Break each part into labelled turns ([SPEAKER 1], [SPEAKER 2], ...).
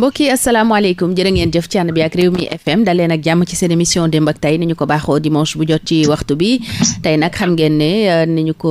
[SPEAKER 1] mbokk yi asalaamaaleykum jërë ngeen jëf ci ànd bi ak Rewmi FM dal leen ak jàmm ci seen émission démb ak tey ni ñu ko baaxoo dimanche bu jot ci waxtu bi tey nag xam ngeen ne euh, ni ñu ko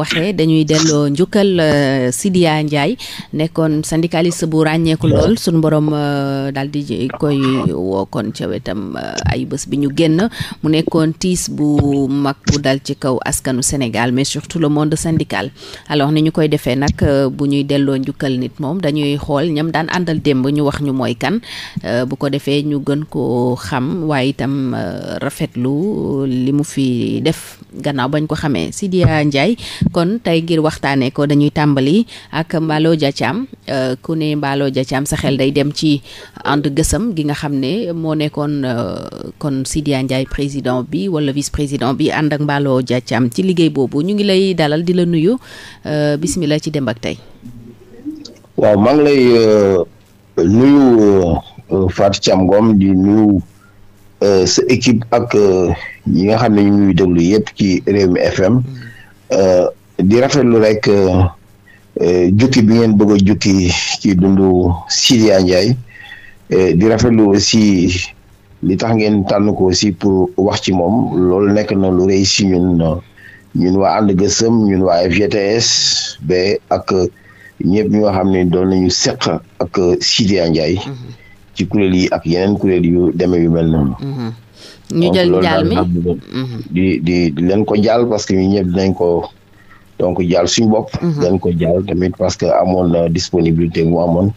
[SPEAKER 1] waxee dañuy delloo njukkal uh, Sidia Ndiaye nekkoon syndicaliste bu ràññeeku lool suñu borom uh, daal di koy wookoon ca wetam euh, ay bés bi ñu génn mu nekkoon tiis bu mag bu dal ci kaw askanu Sénégal mais surtout le monde syndical alors ni ñu koy defee nag euh, bu ñuy delloo njukkal nit moom dañuy xool ñam daan àndal démb ñu wax ñu mooy kan euh, bu ko defee ñu gën koo xam waaye itam euh, rafetlu li mu fi def gannaaw bañ ko xamee Sidya Ndiaye kon tey ngir waxtaanee ko dañuy tàmbali ak Mballo Dia Thiam euh, ku ne Mballo Dia Thiam sa xel day dem ci ànd gësam gi nga xam ne moo nekkoon kon Sidya président bi wala vice président bi ànd ak Mballo Dia Thiam ci liggéey boobu ñu ngi lay dalal di la nuyu bismillah ci dem ak tey
[SPEAKER 2] waaw maa lay nuyu euh, Fatou Thiam Ngom di nuyu euh, si équipe ak ñi euh, nga xam ne ñu ngi déglu yëpp ci Rewmi FM di rafetlu rek jukki bi ngeen bëgg a jukki ci dundu Sidya Ndiaye di rafetlu aussi li tax ngeen tànn ko aussi pour wax ci moom loolu nekk na lu rëy si ñun ñun waa ànd gësëm ñun waa FGTS ba ak. ñëpp ñoo xam ne doon nañu seq ak euh, Sidya Ndiaye. Mm-hmm. ci kuréel yi ak yeneen kuréel yu demee yu mel noonu.
[SPEAKER 3] Mm-hmm. ñu jël jaal mi
[SPEAKER 2] mm-hmm. di di di leen ko jaal parce que ñu ñëpp ko donc jaal suñu bopp. leen ko jaal tamit parce que amoon na disponibilité mu amoon.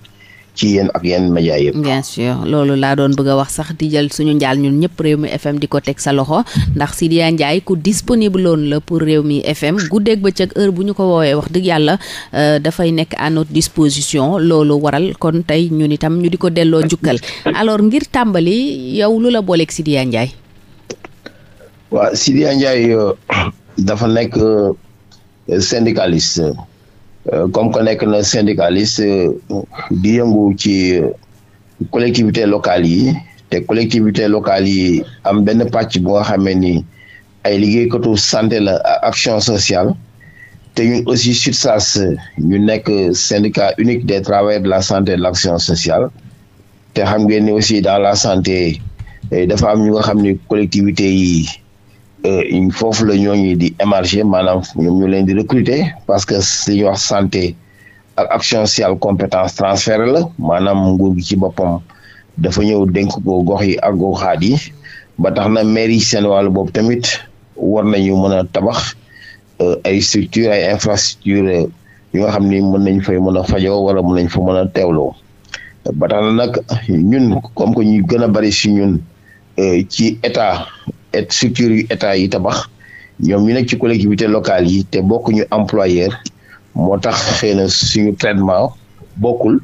[SPEAKER 2] ci yéen ak yenn média yëpp.
[SPEAKER 1] bien sûr loolu laa doon bëgg a wax sax di jël suñu njaal ñun ñëpp réew mi FM di ko teg sa loxo ndax Sidya Ndiaye ku disponible loon la pour réew mi FM guddeeg bëccëg heure bu ñu ko woowee wax dëgg yàlla euh, dafay nekk à notre disposition loolu waral kon tey ñun itam ñu di ko delloo njukkal alors ngir tàmbali yow lu la booleeg Sidya Ndiaye.
[SPEAKER 2] waaw euh, dafa nekk euh, syndicaliste. Euh, comme que nekk na syndicaliste euh, di yëngu ci collectivité locale yi te collectivité locale yi am benn pàcc bu nga xamee ni ay liggéeykatu santé la action sociale te ñun aussi SUTSAS ñu nekk syndicat unique des travailleurs de la santé et de l' action sociale te xam ngeen ni aussi dans la santé eh, dafa am ñu nga xam ni collectivité yi foofu la ñooñu di émarger maanaam ñoom ñu leen di recruter parce que li ñuy wax santé ak action sociale compétence transfert la maanaam nguur gi ci boppam dafa ñëw dénk ko gox yi ak goxaat yi ba tax na maire yi seen wàllu boobu tamit war nañu mën a tabax euh, ay structure ay infrastructure euh, yu nga xam ni mën nañ fay mën a fajoo wala mën nañ fa mën a teewloo ba tax na ñun comme que ñu gën a bari si ñun euh, ci état et structure yu état yi tabax ñoom ñu nekk ci collectivité locale yi te bokkuñu employeur moo tax xëy na suñu traitement bokkul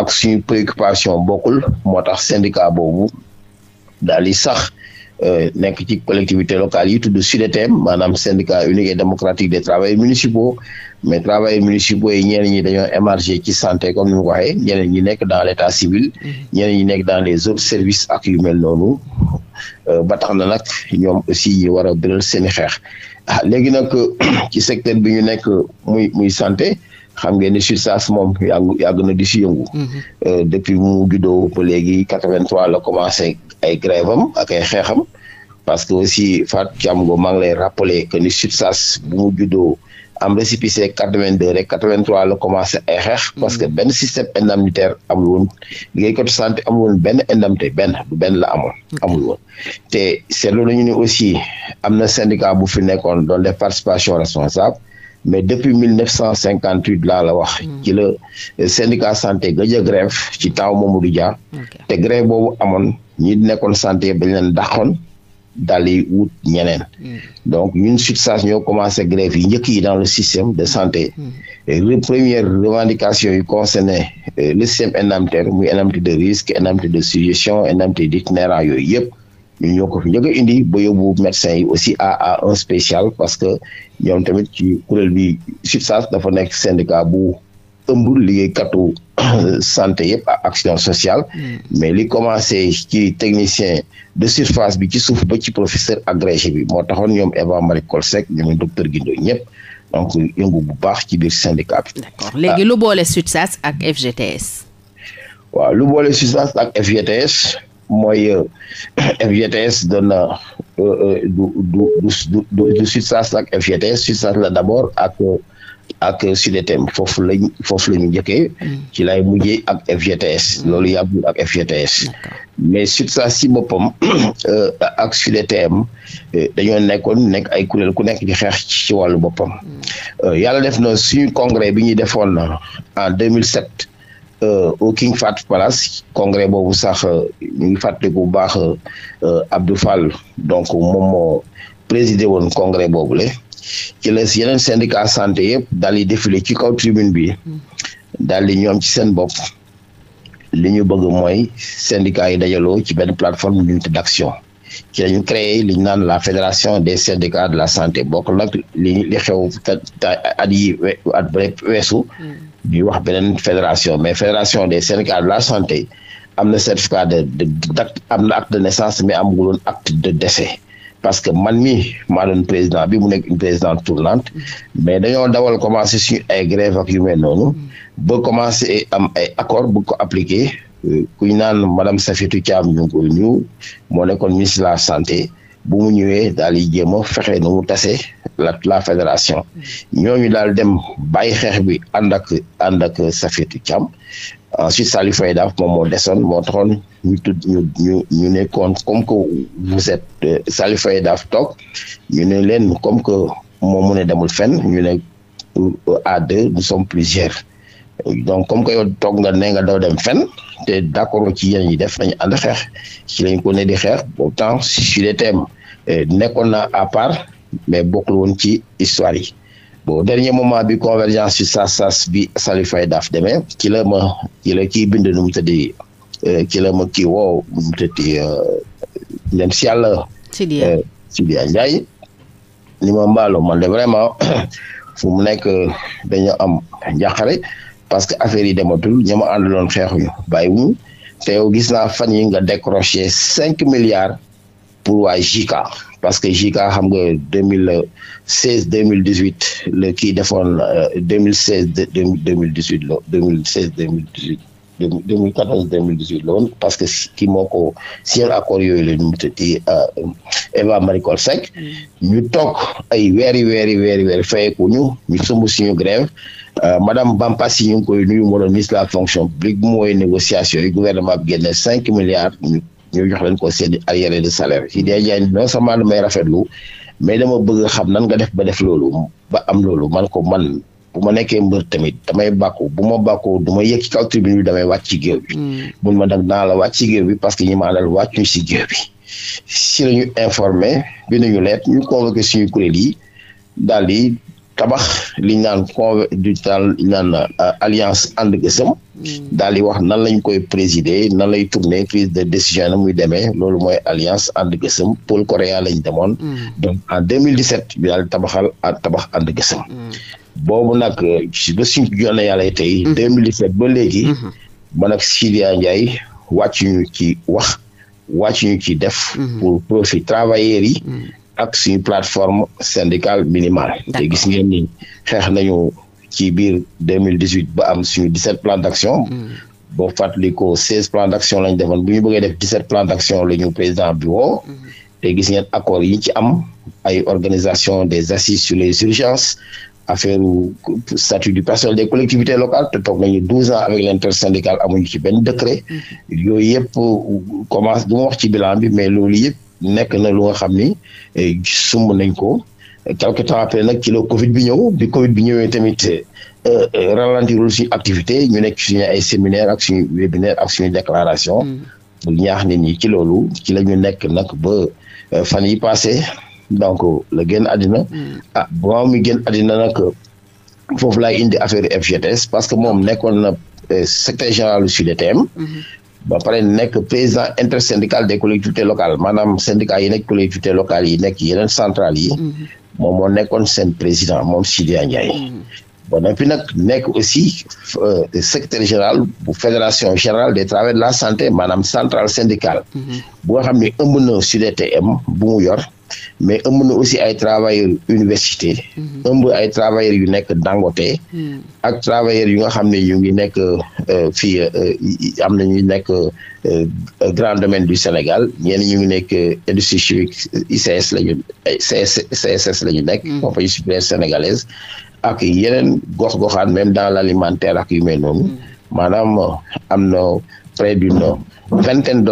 [SPEAKER 2] ak suñu préoccupation bokkul moo tax syndicat boobu daal di sax Euh, nekk ci collectivité locale yi tudd SUDETEM maanaam syndicat unique et démocratique des travailleurs municipaux mais travailleurs municipaux yi ñeneen ñi dañoo émarger ci santé comme ni mu ko ñi nekk dans l'état civil mm-hmm. ñeneen ñi nekk dans les autres services ak yu mel noonu euh, na ñoom aussi ñi war a seen i xeex ah léegi nag euh, ci secteur bi ñu nekk muy muy santé xam ngeen ni SUTSAS moom yàgg yàgg na di si yëngu. Mhm. Euh, depuis mu juddoo ba léegi quatre-vingt-trois la commencé ay grève am ak ay xeexam parce que aussi Fatou Thiam Ngom maa ngi lay rappeler que sut SUTSAS bu mu juddoo am récépissé quatre-vingt-deux rek quatre-vingt-trois la commencé ay xeex. Mhm. parce que benn système indemnitaire amul woon liggéeykatu santé amul woon benn indemnité benn du benn la amoon. amul woon te seetlu nañu ni aussi am na syndicat bu fi nekkoon doon def participation responsable. mais depuis mille neuf cent cinquante huit laa la wax. Hmm. ci la syndicat santé gëj a grève ci taaw Mamadou Dia. te grève boobu amoon ñi nekkoon santé bañ leen dàqoon daal di wut ñeneen. Hmm. donc ñun SUTSAS ñoo commencé grève yi njëkk yi dans le système de santé. Hmm. les premières revendications yi concerné euh, le système indemnitaire muy indemnité de risque indemnité de suggestion indemnité d'itinéraire yooyu yëpp. ñoo ko fi njëkk a indi ba yóbbu médecin yi aussi à à spécial parce que ñoom tamit ci kuréel bi SUTSAS dafa nekk syndicat bu ëmb liggéeykatu euh, santé yëpp ak action sociale mm. mais li commencé ci technicien de surface bi ci suuf ba ci professeur agrégé bi moo taxoon ñoom Eva Marie Coll Seck ñoom docteur Guindo ñëpp donc yëngu bu baax ci biir syndicat bi. d'accord
[SPEAKER 1] léegi ah. lu boole SUTSAS ak FGTS.
[SPEAKER 2] waaw lu boole SUTSAS ak FGTS. mooy FGTS euh, doon na euh, euh, du du du du SUTSAS ak FGTS la d'abord ak ak SUDETEM foofu lañ foofu njëkkee mm. ci lay mujjee ak FGTS mm. loolu yàggul ak FGTS mais SUTSAS si boppam ak SUDETEM dañoo nekkoon nekk ay kuréel ku nekk ci xeex ci wàllu boppam mm. yàlla def na suñu congrès bi ñuy defoon en 2007 Euh, au King Fat Palace congrès boobu sax euh, ñu fàttali bu baax euh, Abdou Fall donc moom moo présidé woon congrès boobu le ci la yeneen syndicat santé yëpp daal di défilé ci kaw tribune bi daal di ñoom ci seen bopp li ñu bëgg mooy syndicat yi dajaloo ci benn plateforme d' unité d' action ci lañu créé li ñu naan la fédération des syndicats de la santé bokk nag li li xew at yi at weesu ñuy wax beneen fédération mais fédération des syndicats de la santé am na certificat de am na acte de naissance mais amul woon acte de décès parce que man mi maa doon président bi mu nekk une présidente tournante mais dañoo dawal commencé suñu ay grève ak yu mel noonu ba commencé am ay accord bu ko appliqué kuñ naan madame Safiatou Thiam ñu ngi ñu moo nekkoon ministre la santé bu mu ñëwee daal di jéem a fexe nu mu tase la la fédération ñooñu daal dem bàyyi xeex bi ànd ak ànd ak Safiatou Thiam ensuite Salif Faye moom moo desoon moo taxoon ñu tudd ñu ñu nekkoon comme que vous êtes euh, Salif Faye toog ñu ne leen comme que moom mu ne demul fenn ñu ne euh, à deux nous plusieurs donc comme que yow toog nga ne nga doo dem fenn. te d'accord ci yéen ñi def nañ ànd xeex ci lañ ko ne di xeex pourtant sur les thèmes euh, nekkoon na à part mais bokkul woon ci histoire yi bon dernier moment bi convergence ci sas sas bi Salif Faye daaf demee ci la ma ci la kii bind nu mu tëddi euh, ci la ma ki woo nu mu tëddi euh, dem si yàlla Sidya Ndiaye mbaalo man vraiment fu mu nekk dañu am njàqare parce que affaire yi dematul ña ma àndaloon xeexuñu bàyyiwuñu te yow gis naa fan yi nga décroché cinq milliards pour waa JICA parce que JICA xam nga deux mille seize deux mille dix huit kii defoon euh, deux mille seize deux parce que kii moo ko seen accord euh, Eva Marie Coll mm. ñu toog ay weeri weeri weeri weeri fayeku ñu ñu sumb suñu grève Euh, madame Bampassi ñu koy nuyu moo doon ministre de la fonction publique bu mooy négociation yi gouvernement bi génne cinq milliards ñu jox leen ko seen arriéré de salaire yi day jaay non seulement damay rafetlu mais dama bëgg xam nan nga def ba def loolu ba am loolu man ko man bu ma nekkee mbër tamit damay bàkku bu ma bàkkoo du ma yëg ci kaw tribune bi damay wàcc ci géew bi hmm. ma nag naa la wàcc ci géew bi parce que ñi ma àndal wàccuñ si géew bi si ñu informé bi nañu leet ñu convoqué suñu kuréel yi daal di tabax li ñu naan conve du tal ñu naan euh, alliance ànd gësëm hmm. daal di wax nan lañ koy présider nan lay tourner prise de décision na muy demee loolu mooy alliance ànd gësëm pôle coréen lañ demoon hmm. donc en 2017 bi daal tabaxal ah, tabax ànd gësëm hmm. boobu nag ba suñ jonne yàlla tey 2017 ba léegi man ak Sidya Ndiaye wàcc ñu ci wax wàcc ñu ci def pour profit travailleurs yi ak suñu plateforme syndicale minimale te gis ngeen xeex nañu ci biir mille dix huit ba am suñu dix sept plan d' action hmm. boo fàttali ko seize plan d' action lañ defoon bu ñu bëggee def dix sept plan d' action la ñu président bi woo hmm. te gis ngeen accord yi ci am ay organisation des assises sur les urgences affaire statut du personnel des collectivités locales te toog nañu douze ans avec l'intersyndicale amuñu ci benn décret hmm. yooyu yëpp commence du wax ci bilan bi mais loolu yëpp nekk na lu nga xam ni eh, sumb nañ ko quelque temps après nag kilo la Covid bi ñëw bi Covid bi ñëwee tamit eh, eh, ralentirul suñu activité ñu nekk suñu ay séminaire ak suñu webinaire ak suñu déclaration. Hmm. bu ñaax nit ñi ci loolu ci la ñu nekk nag ba fan yi passé donc la génn àddina. Hmm. ah bon mi génn àddina nag foofu laay indi affaire FGTS parce que moom nekkoon na secrétaire général du SUDETM. ba pare nekk président intersyndical des collectivités locales maanaam syndicat yi nekk collectivités locales yi nekk yeneen centrales yi. Mm-hmm. moom moo nekkoon seen président moom Sidya Ndiaye. Mm-hmm. bon depuis nag nekk aussi euh, secrétaire général bu fédération générale des travailleurs de la santé maanaam central syndicale. Mm-hmm. bu nga xam ne ëmb na SUDTM bu mu yor. mais ëmb na aussi ay travailleurs université mm-hmm. ëmb ay travailleurs yu nekk Dangote mm. ak travailleurs yu nga xam ne yu ngi nekk euh, fii euh, am na ñu nekk euh, grand domaine du Sénégal ñenn ñu ngi nekk industrie chimique ICS la ñu CSS la ñu nekk mm. compagnie sucrière sénégalaise ak yeneen gox-goxaan même dans l' alimentaire ak yu me noonu mm. maanaam am près du nord vingtaine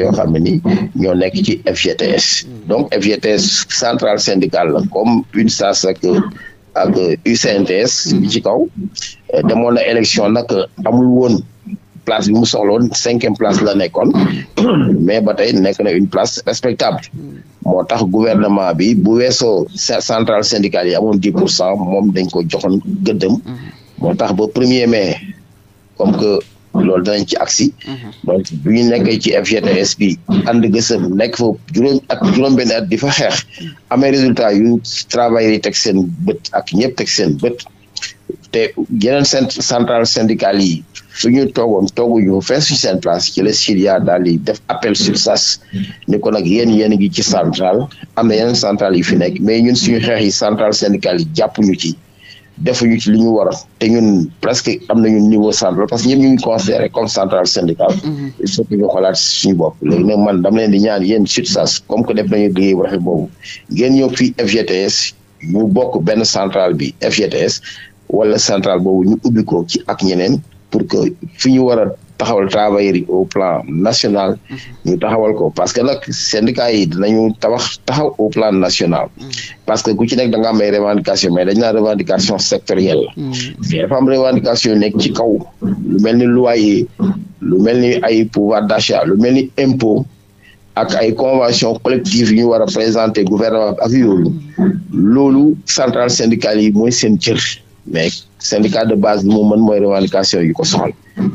[SPEAKER 2] yoo xam ne ni ñoo nekk ci FGTS donc FGTS central syndicale la comme UNSAS ak ak UCNTS bi ci kaw euh, demoon na élection nag amul woon place bi mu soxloon cinquième place la nekkoon mais ba tey nekk na une place respectable moo tax gouvernement bi bu weesoo centrale syndicale yi amoon dix pour cent moom dañ ko joxoon gëddëm moo tax ba premier mai comme que loolu danañ ci agsi mhm. donc bu ñu nekkee ci FGTS bi ànd gësëm nekk fa juróom ak benn at di fa xeex amee résultat yu travailleurs yi teg seen bët ak ñëpp teg seen bët te yeneen central syndicale yi su ñu toogoon tooguñu fees ci seen place ci la Syria daal di def appel sur sas ni ko nag yéen yéen ngi ci centrale am na yeneen centrale yu fi nekk mais ñu suñu xeex yi centrale syndicale yi jàppuñu ci defuñu ci li ñu war a te ñun presque am nañu niveau central parce que ñëpp ñu ngi considéré comme central syndical. Mhm. il faut que ñu xoolaat suñu bopp. léegi nag man dama leen di ñaan yéen SUTSAS comme que def nañu liggéey bu rafet boobu ngeen ñëw fii FGTS ñu bokk benn centrale bi FGTS wala central boobu ñu ubbi ko ci ak ñeneen pour que fi ñu war a taxawal travailleurs yi au plan national mm-hmm. ñu taxawal ko parce que nag syndicat yi dinañu tabax taxaw au plan national mm-hmm. parce que ku ci nekk danga nga am ay revendication mais dañ naa revendication sectorielle la mm-hmm. mais dafa am revendication nekk ci kaw lu mel ni loyer lu mel ni ay pouvoir d'achat lu mel ni impôt ak ay convention collective yu ñu war a présenter gouvernement ak yooyu loolu centrale syndicale yi mooy seen cër mais syndicat de base bi mu mën mooy revendication yu ko soxal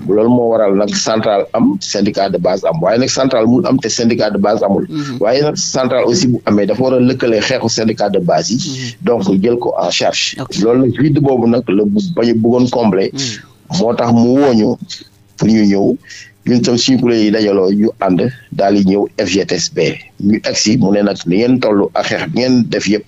[SPEAKER 2] loolu moo waral nag central am syndicat de base am waaye nag central mun am te syndicat de base amul. Mhm. waaye nag central aussi bu amee dafa war a lëkkale xeexu syndicat de base yi. Mhm. donc jël ko en charge. lool nag vide boobu nag la bu bañ a bëggoon combler. Mhm. moo tax mu wooñu pour ñu ñëw. ñun tam suñu kuréel yi dajaloo ñu ànd daal di ñëw FGTSB ñu agsi mu ne nag ni ngeen toll ak xeex bi ngeen def yëpp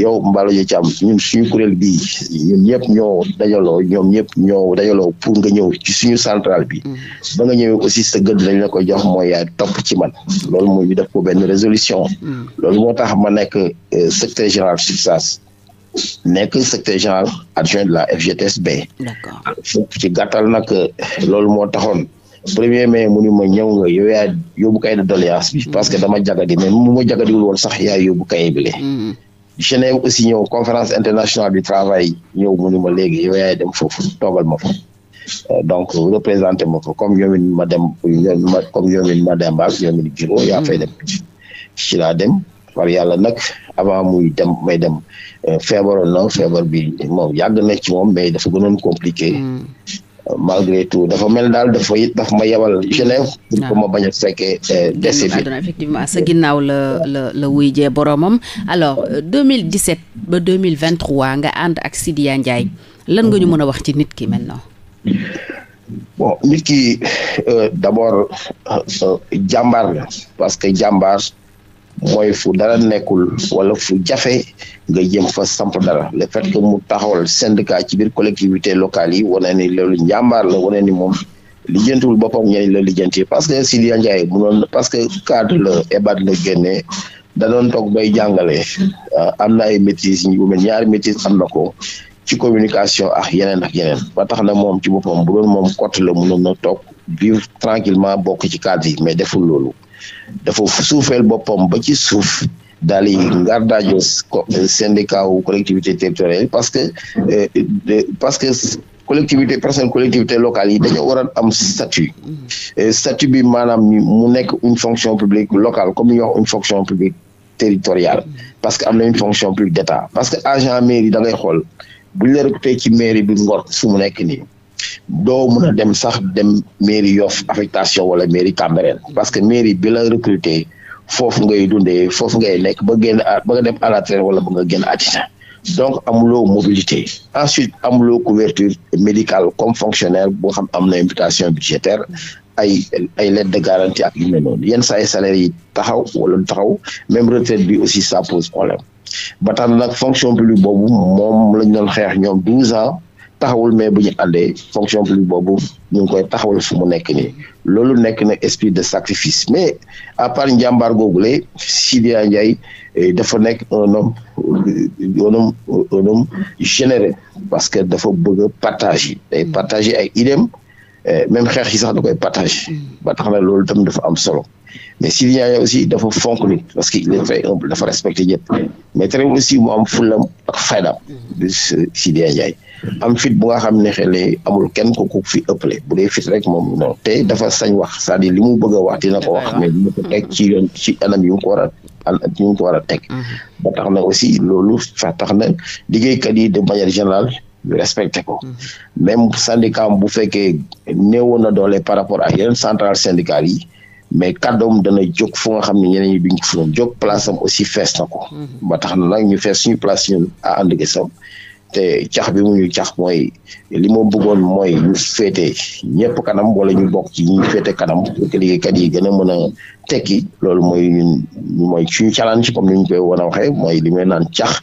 [SPEAKER 2] yow Mballo Dia Thiam ñun suñu kuréel bii ñun ñëpp ñoo dajaloo ñoom ñëpp ñoo dajaloo pour nga ñëw ci suñu centrale bi mm-hmm. ba nga ñëwee aussi sa gëdd lañ la ko jox mooy yaay topp ci man loolu mooy ñu def ko benn résolution mm-hmm. loolu moo tax ma nekk euh, secrétaire général SUTSAS nekk secrétaire général adjoint de la FGTSB d'accord ci gàttal nag loolu moo taxoon premier mais mu ni ma ñëw nga yow yaa yóbbu kayit de doléance bi mm-hmm. parce que dama jagadi mais mu ma jagadiwul woon sax yaa yóbbu kayit bi le Genève mm-hmm. aussi ñëw conférence internationale du travail ñëw mu ni ma léegi yow yaay dem foofu toogal ma fa euh, donc représenté ma fa comme ma dem comme ñoomin ma dem ak ñoomin bureau yaa fay mm-hmm. dem ci laa dem par yàlla nag avant muy dem may dem euh, feebaroon na feebar bi moom yàgg na ci moom mais dafa gënoon compliqué malgré tout dafa mel daal dafa it dafa ma yebal Genève. pour que ma bañ a fekkee eh, dese fi.
[SPEAKER 1] sa ginnaaw la la la wuy jee boromam alors 2017 euh, ba 2023 nga ànd ak Sidya Ndiaye lan nga ñu mën a wax ci nit ki maintenant.
[SPEAKER 2] bon nit ki euh, d'abord euh, jàmbaar la parce que jàmbaar. mooy fu dara nekkul wala fu jafe nga jëm fa samp dara le fait que mu taxawal syndicat ci biir collectivité locale yi wane ni loolu njàmbaar la wane ni moom lijjantiwul boppam ñeneen la lijjanti parce que si Sidya Ndiaye munoon parce que cadre la EBAD la génnee da doon toog bay jàngale euh, am na ay maîtrise yu mel ñaari maîtrise am na ko ci communication ak yeneen ak yeneen ba tax na moom ci boppam bu doon moom cote la munoon na toog vivre tranquillement bokk ci cadre yi mais deful loolu dafa suufeel boppam ba ci suuf daal di ngardaajoo syndicat wu collectivité territoriale parce que euh, euh, parce que collectivité personne collectivité locale yi dañoo war a am statut euh, statut bi maanaam mu nekk une fonction publique locale comme ñu wax une fonction publique territoriale parce que am na une fonction publique d'État parce que agent mairie da ngay xool bu ñu la recruté ci mairie bi Ngor fu mu nekk nii doo mun a dem sax dem mairie Yoff affectation wala mairie Cambérène parce que mairie bi la recruter foofu ngay dundee foofu ngay nekk ba génn ba nga dem à la retraite wala ba nga génn àddina donc amuloo mobilité ensuite amuloo couverture médicale comme fonctionnaire boo xam am na imputation budgétaire ay ay lettre de garantie ak yu mel yenn saa yi salaire yi taxaw wala du taxaw même retraite bi aussi sa pose problème ba tax nag fonction publique boobu moom lañ doon xeex ñoom douze taxawul mais bu ñu àndee fonction publique boobu ñu ngi koy taxawal fu mu nekk nii loolu nekk na esprit de sacrifice mais à part njàmbaar googule Sidya Ndiaye eh, dafa nekk un homme euh, un euh, parce que dafa bëgg a partager day partager ay idem eh, même xeex yi sax da koy partager ba tax na loolu tam dafa am solo mais Sidya Ndiaye aussi dafa fonk nit parce dafa respecté ñëpp mais très aussi mu am fulam ak faydam mm-hmm. am fit bu nga xam ne xele amul kenn ku ku fi ëppale bu dee fit rek moom non te dafa sañ wax c'est-à-dire li mu bëgg a wax dina ko wax mais dina ko teg ci yoon ci anam yu ko war ko war a teg mm-hmm. ba tax na aussi loolu fa tax na liggéeykat yi de manière générale ñu respecté ko mm-hmm. même syndicat bu fekkee néewoon na doole par rapport ak yenn centrale syndicale yi mais kàddoom dana jog fu nga xam ne ñeneen ñi duñ ko fu jóg place am aussi fees na ko mm-hmm. ba tax na nag ñu fees suñu place ñun à And te cax bi mu ñu cax mooy li ma bëggoon mooy ñu féete ñëpp kanam wala ñu bokk ci ñu féete kanam pour que liggéeykat yi gën a mën a tekki loolu mooy ñun mooy suñu challenge comme koy war a waxee mooy li may naan cax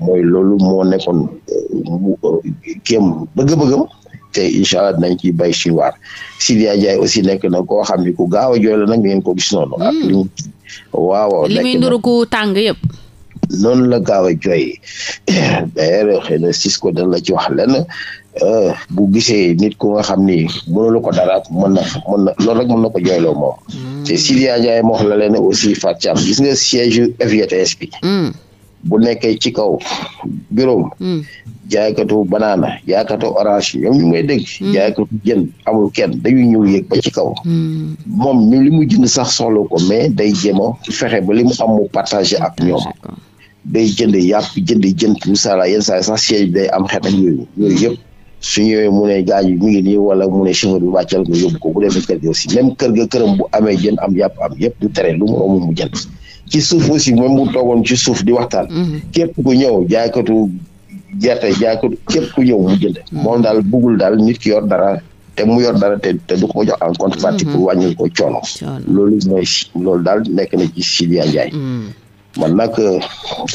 [SPEAKER 2] mooy loolu moo nekkoon euh, kéem bëgg-bëggam te incha allah dinañ ci bay suñu waar Sidya Ndiaye aussi nekk na koo xam ni ku gaaw a jooy la ngeen ko gis noonu. Hmm. ak li
[SPEAKER 1] mu tàng yëpp.
[SPEAKER 2] noonu la gaaw a jooy d'ailleurs xëy na Cisco dana la ci wax lenn euh, bu gisee nit ko nga xam ni mënul ko dara mën na mën na loolu rek mën na ko jooyloo moom. Hmm. te Sidya Ndiaye moo xam la leen aussi Fatou Thiam gis nga siège FGTS bi. Hmm. bu nekkee ci kaw bureau hmm. jaaykatu banaana jaaykatu orange ñoom ñu may dégg jaaykatu jën amul kenn dañuy ñëw yéeg ba ci kaw moom ñu li mu jënd sax soxla ko mais day jéem a fexe ba li mu am mu partagé ak ñoom day jënd yàpp jënd jën misaala yenn saa sax siège bi day am xet ak yooyu yëpp su ñëwee mu ne gaañu mi ngi wala mu ne chauffeur bi wàccal nga yóbbu ko bu demee kër gi aussi même kër ga këram bu amee jën am yàpp am yëpp du tere lu mu romb mu jënd ci suuf aussi même bu toogoon ci suuf di waxtaan mhm. képp ku ñëw jaaykatu gerte jaaykatu képp ku ñëw mu jënd mhm. moom daal bëggul daal nit ki yor dara te mu yor dara te te du ko jox en contrepartie mhm. pour wàññil ko coono loolu mooy loolu daal nekk na man nag eh,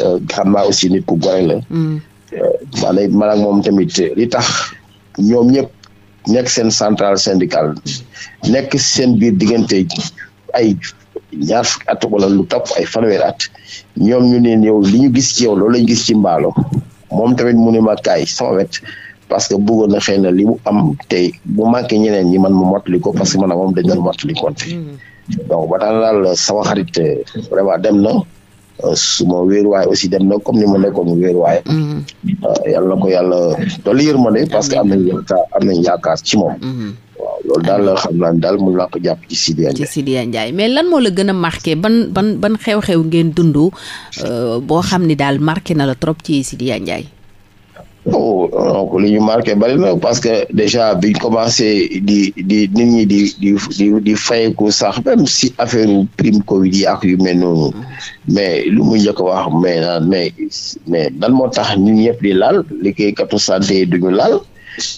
[SPEAKER 2] eh, xam naa aussi ku gore la. Mm. Eh, maanaam moom tamit li tax ñoom ñëpp nekk seen centrale syndicale nekk seen biir diggante ay ñaar fukki at wala lu topp ay fanweeri at ñoom ñu ne yow li ñu gis ci yow loolu gis ci mbaalo moom tamit mu ne ma kaay sama wet parce que bëggoon na xëy na li mu am te bu manqué ñeneen ñi man mu mottali ko parce que man moom dañ doon mottali konte mm. donc ba tax daal sama xarit vraiment dem na. Euh, suma wéeruwaay aussi dem na comme ni ma nekkoon wéeruwaay. Mm-hmm. Euh, yal na ko yàlla dolli yërmande parce que am na yaakaar am nañ yaakaar ci moom. Mm-hmm. waaw loolu daal la xam naa daal mun naa ko jàpp ci
[SPEAKER 1] Sidya Ndiaye. mais lan moo la gën a marqué ban ban ban xew-xew ngeen dund euh, boo xam ni daal marqué na la trop ci Sidya Ndiaye.
[SPEAKER 2] oh donc li ñu marqué bari na parce que déjà biñ commencé di di nit ñi di di di di fayeku sax même si affaire prime Covid yi ak yu mel noonu mais lu mu njëkk wax mais naan mais mais dan moo tax ñun ñëpp di laal liggéeykatu santé duñu laal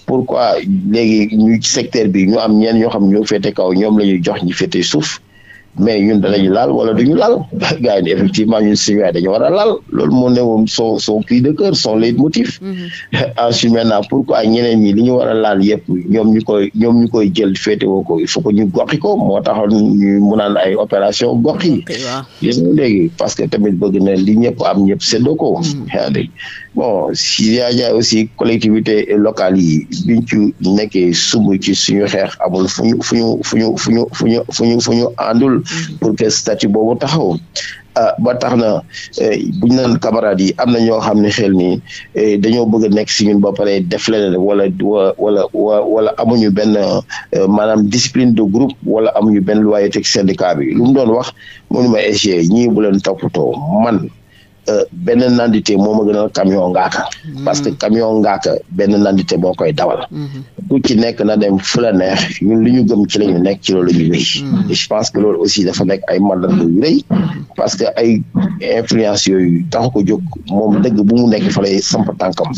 [SPEAKER 2] pourquoi léegi ñu secteur bi ñu am ñeen ñoo xam ñoo féete kaw ñoom la ñuy jox ñi féete suuf mais ñun danañu mm-hmm. laal wala duñu laal gars yi ne effectivement ñun suñu dañu war a laal loolu moo ne moom son son cri de cœur son leitmotiv ensuite mm-hmm. maintenant pourquoi ñeneen ñi li ñu war laal yëpp ñoom ñu koy ñoom ñu koy jël féetewoo ko il faut ñu goxi ko moo taxoon ñu mu naan ay opération gox yi gis nga léegi parce que tamit bëgg na li ñëpp am ñëpp séddoo ko mm-hmm. bon si yaajaay aussi collectivité locale yi biñ ci nekkee sumb ci suñu xeex amul fu ñu fu ñu fu ñu fu ñu fu ñu fu ñu fu ñu àndul mm-hmm. pour que statut boobu taxaw a ah, ba tax na eh, buñ naan camarades yi am na ñoo xam ne xel ni eh, dañoo bëgg a nekk si ñun ba pare def leneen wala wala wala amuñu benn eh, maanaam discipline de groupe wala amuñu benn loyauté syndicat bi lu mu doon wax mënuma SG ñii bu leen toppatoo man benn nandite moo ma gënal camion ngaaka mm. parce que camion ngaaka benn nandite boo koy dawal mm-hmm. ku ci nekk na dem fu la neex ñun li ñu gëm ci la ñu nekk ci loolu ñu wéy mm-hmm. je pense que loolu aussi dafa nekk ay mandat yu rëy mm-hmm. parce que ay influence yooyu tax ko jóg moom dëgg bu mu nekk fa lay samp tànkam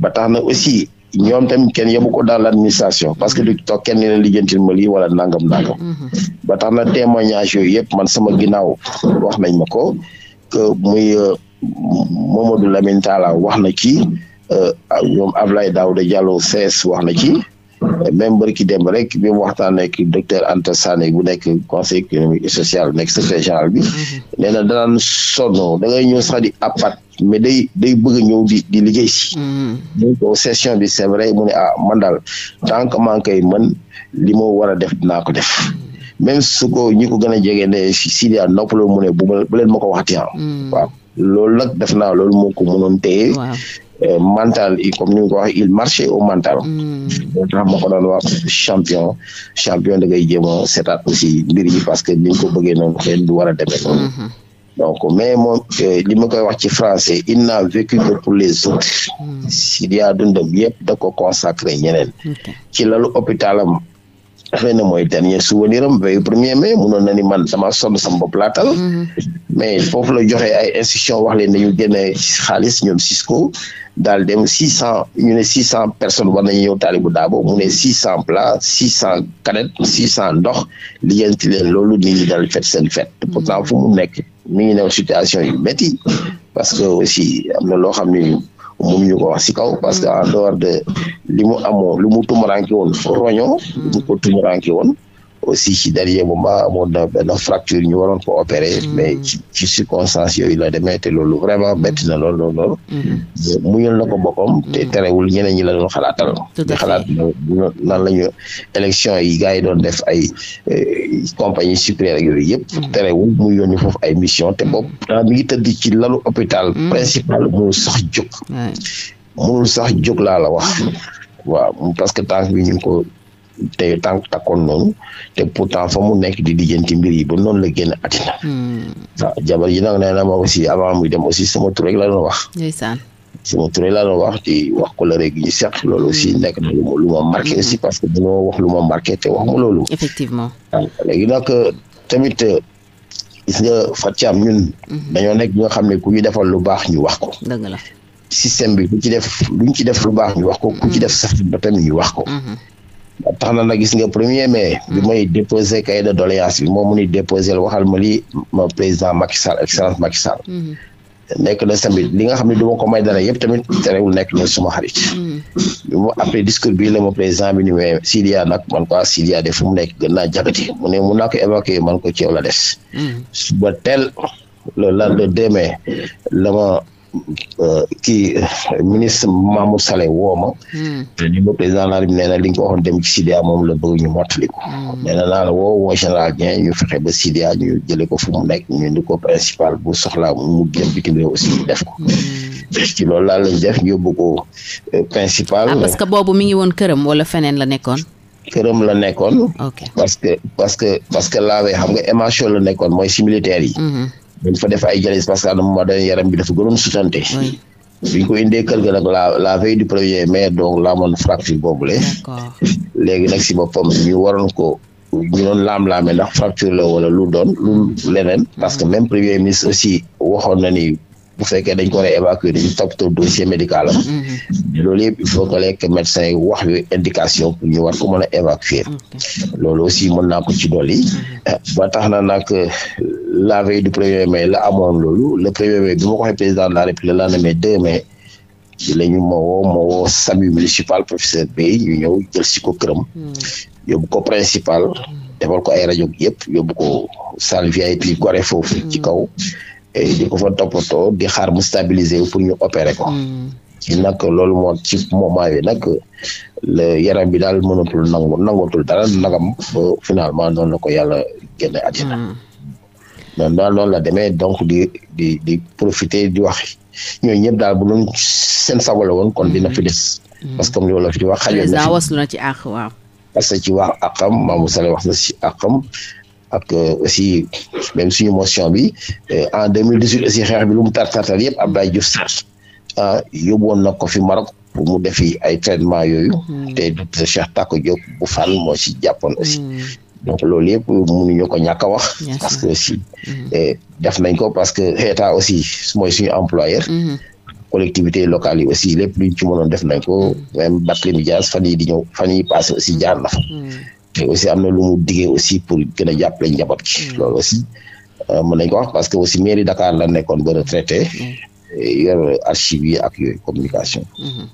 [SPEAKER 2] ba tax na aussi ñoom tamit kenn yóbbu ko dans la administration parce que du toog kenn leen lijjantil ma lii wala nangam nangam ba tax na témoignage yooyu yëpp man sama ginnaaw wax nañ ko muy euh, du Lamine Talla wax na ci euh, ñoom Ablaye Daouda Diallo CS wax na ci même bërki démb rek bi mu waxtaan ak docteur Anta Sané bu nekk conseil économique social nek secrétaire général bi mhm. nee na danaan sonn da ngay ñëw sax di apat mais day day bëgg ñëw di di liggéey si mhm. donc session bi c'est vrai mu ah man dal tant que maa man koy mën war a def dinaa ko def mhm. même su ko ñi ko gën a jege ne Sidia noppaloo mu ne bu bu leen ma ko waxati ah. Hmm. waaw loolu nag def naa loolu moo ko mënoon téye. Euh, mental yi comme ni nga ko waxee il marchait au mental. Hmm. moo tax ma ko doon wax champion da ngay jéem a seetaat aussi mbir yi parce que ni ñu ko bëggee no xëy du war a demee noonu. Hmm. donc mais moom euh, li ma koy wax ci français il n'a vécu que pour les autres. Sidia dundam yëpp da ko consacré ñeneen. ci lalu hôpitalam xëy na mooy dernier souvenir am veille premier mai munoon na ni man sama sonn sam bopp laatal mm-hmm. mais foofu la joxe ay institution wax leen nañu génne xaalis ñoom Cisco daal dem six cent ñu ne six cent personnes war nañu ñëw Talibou Dabo mu ne six cent plat six cent canette six cent ndox liggéenti leen loolu nit ñi daal fet seen fet mm-hmm. pourtant fu mu nekk mi ngi new situation yu métti parce que aussi am na loo xam ne mun ñu ko parce que en dehors de li mu amoon li mu tumuranki woon aussi ci dernier moment amoon na fracture ñu waroon ko opérer mm. mais ci ci circonstances yooyu la demee te loolu vraiment bett na lool lool lool mm-hmm. na ko boppam te mm-hmm. terewul ñeneen ñi la doon xalaatal di xalaat nan la ñu élection yi gars yi doon def ay euh, compagnie supérieure ak yooyu yëpp mm-hmm. terewul mu yónni foofu ay mission te boobu daa mi ngi tëdd ci lalu hôpital principal mënul sax jóg mënul sax laa la wax waaw parce que tànk ko te tànk takkoon noonu te pourtant fa mu nekk di lijjanti mbir yi ba noonu la génn àddina hmm. waaw jabar yi nag nee na ma aussi avant muy dem aussi sama tur rek la doon wax ndeysaan sama tur rek la doon wax wax ko la rek ñu seq loolu aussi hmm. nekk na lu ma lu ma marqué hmm. parce que dañoo wax lu ma marqué te wax ma loolu effectivement waaw ah, léegi nag euh, tamit euh, gis nga Fatiam ñun dañoo nekk ñi nga xam ne ku ñu defal lu baax ñu wax ko dëgg la système bi ku ci def luñ ci def lu baax ñu wax ko ku ci def safin ba tamit ñu wax ko tax na na gis nga premier mai. Hmm. bi may déposé cahier de doléance bi moom mu ni waxal ma lii ma président Macky Sall excellence Macky Sall. Hmm. nekk na tamit li nga xam ne du ma ko may dara yëpp tamit terewul nekk na suma xarit. Hmm. bi mu après discours bii la ma président bi ni mais Sidia man quoi Sidia de fu mu nekk gën jagati mu ne mun a ko évacuer man ko ci yow la des. suba teel le la le deux mai kii ministre Mamour Saleh woo ma. Hmm. ni ma président laaj bi nee na li ko waxoon dem ci Sidia moom la bëgg ñu mottali ko. Hmm. nee na naa la woo woo général Dieng ñu fexe ba Sidia ñu jëlee ko fu mu nekk ñu indi ko principal bu soxlaa mu jëm bitim réew hmm. ci loolu laa lañ def yóbbu ko euh, principal. Ah,
[SPEAKER 1] boobu mi ngi woon këram wala feneen la nekkoon.
[SPEAKER 2] këram la nekkoon. parce que parce que parce que laawee xam nga émission la nekkoon mooy si militaire yi. dañ fa def ay dialyse parce que à un moment donné yaram bi dafa gënoon sutante bi ñu ko indee kër ga nag la la veille du premier mai donc la amoon fracture boobule léegi nag si boppam ñu waroon ko ñu lam laam-laame ndax fracture la wala lu doon lu leneen parce que même premier ministre aussi waxoon na ni bu fekkee dañ ko war a évacuer dañu toppatoo dossier médical mm-hmm. loolu yëpp il faut que lekk médecin yi wax yu indication pour ñu war ko mën a évacuer mm-hmm. loolu aussi mën naa ko ci dolli mm-hmm. eh, ba tax na nag euh, la veille du premier mai la amoon loolu la premier mai bi ma ko waxee président de la république le lendemain deux mai ci la ñu ma municipal professeur Bey ñu ñëw jël si ko këram yóbbu ko principal defal ko ay rajo yëpp yóbbu ko salle VIP gore foofu ci kaw di ko fa toppatoo di xaar mu stabiliser pour ñu opérer ko. Hmm. ci nag loolu moo ci moment yi nag le yaram bi daal mënatul nangu nangatul dara nagam finalement noonu la ko yàlla génne àddina. mais hmm. daal loolu la demee donc di di di profiter di wax ñooñu ñëpp daal bu doon seen sago woon kon dina hmm. fi des. parce que comme loolu fi di wax. na
[SPEAKER 1] fi na ci àq waaw.
[SPEAKER 2] parce ci waa àqam Mamadou wax na ci àqam ak aussi même suñu motion bi eh, en 2018 aussi xeex bi lu mu tar tartal yëpp Abdoulaye Diouf Sarr ah yóbbuwoon na ko fi Maroc pour mu defi ay traitement yooyu mhm. te docteur Cheikh Tako Diop moo si jàppoon aussi mhm. donc loolu yëpp mënuñu ko ñàkk wax parce que aussi mhm. eh, def nañ ko parce que état aussi mooy suñu employeur collectivité locale yi aussi lépp luñ ci mënoon def nañ ko même Barthélémy Dias fan di ñëw fan yi aussi jaar na mais aussi am na lu mu aussi pour gën a jàppale njaboot ci mm. loolu aussi euh, mën nañ ko wax parce que aussi mairie Dakar la nekkoon ba retraité mm. yor archive yi ak yooyu communication
[SPEAKER 3] mm-hmm.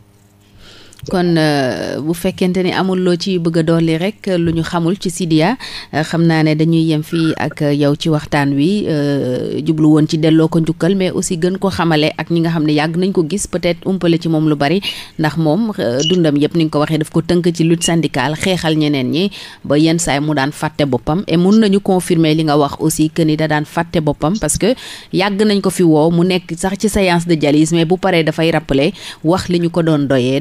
[SPEAKER 1] kon euh, bu fekkente ni amul loo ci bëgg a dolli rek lu ñu xamul ci Sidia euh, xam naa ne dañuy yem fii ak yow ci waxtaan wi euh, jublu woon ci delloo ko njukkal mais aussi gën ko xamale ak ñi nga xam ne yàgg nañ ko gis peut-être umpale ci moom lu bari ndax moom dundam yëpp ni ñu ko waxee daf ko tënk ci lutte syndicale xeexal ñeneen ñi ba yenn saay mu daan fàtte boppam et mun nañu confirmer li nga wax aussi que ni da daan fàtte boppam parce que yàgg nañ ko fi wow mu nekk sax ci séance de dialyse mais bu paree dafay rappeler wax li ñu ko doon doyee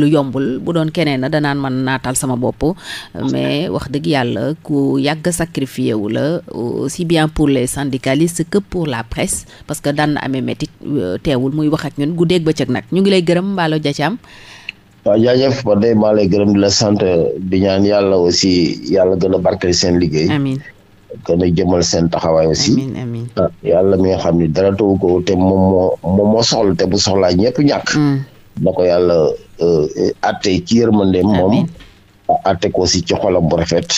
[SPEAKER 1] lu yombul bu doon keneen na danaan man naatal sama bopp mais wax dëgg yàlla ku yàgg sacrifié wu la aussi bien pour les syndicalistes que pour la presse parce que daan na amee métit euh, teewul muy wax ak ñun guddeeg bëccëg nag ñu ngi lay gërëm Mballo Dia Thiam
[SPEAKER 2] waaw jaajëf ba day maa lay gërëm di la sant di ñaan yàlla aussi yàlla gën a barkeel seen liggéey amiin gën a jëmal seen taxawaay aussi ah, yàlla mi nga xam ne dara tawu ko te moom moo moom moo soxla te bu soxlaa ñëpp àtte euh, ci yërmandeem moom àtte ko si ci xolam bu rafet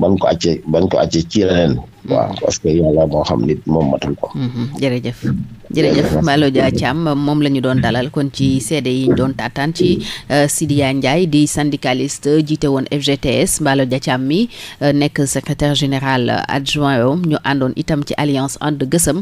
[SPEAKER 2] bañ ko àcce bañ ko àcce ci leneen waaw parce que yàlla moo xam nit moom matul ko.
[SPEAKER 1] Mm-hmm. jërëjëf
[SPEAKER 2] jërëjëf Malo Dia
[SPEAKER 1] Thiam moom la ñu doon dalal kon ci seede yi ñu doon taataan ci euh, Sidiya Ndiaye di syndicaliste jiite woon FGTS Malo Dia Thiam mi euh, nekk secretaire général adjoint om ñu àndoon itam ci alliance And Gueusseum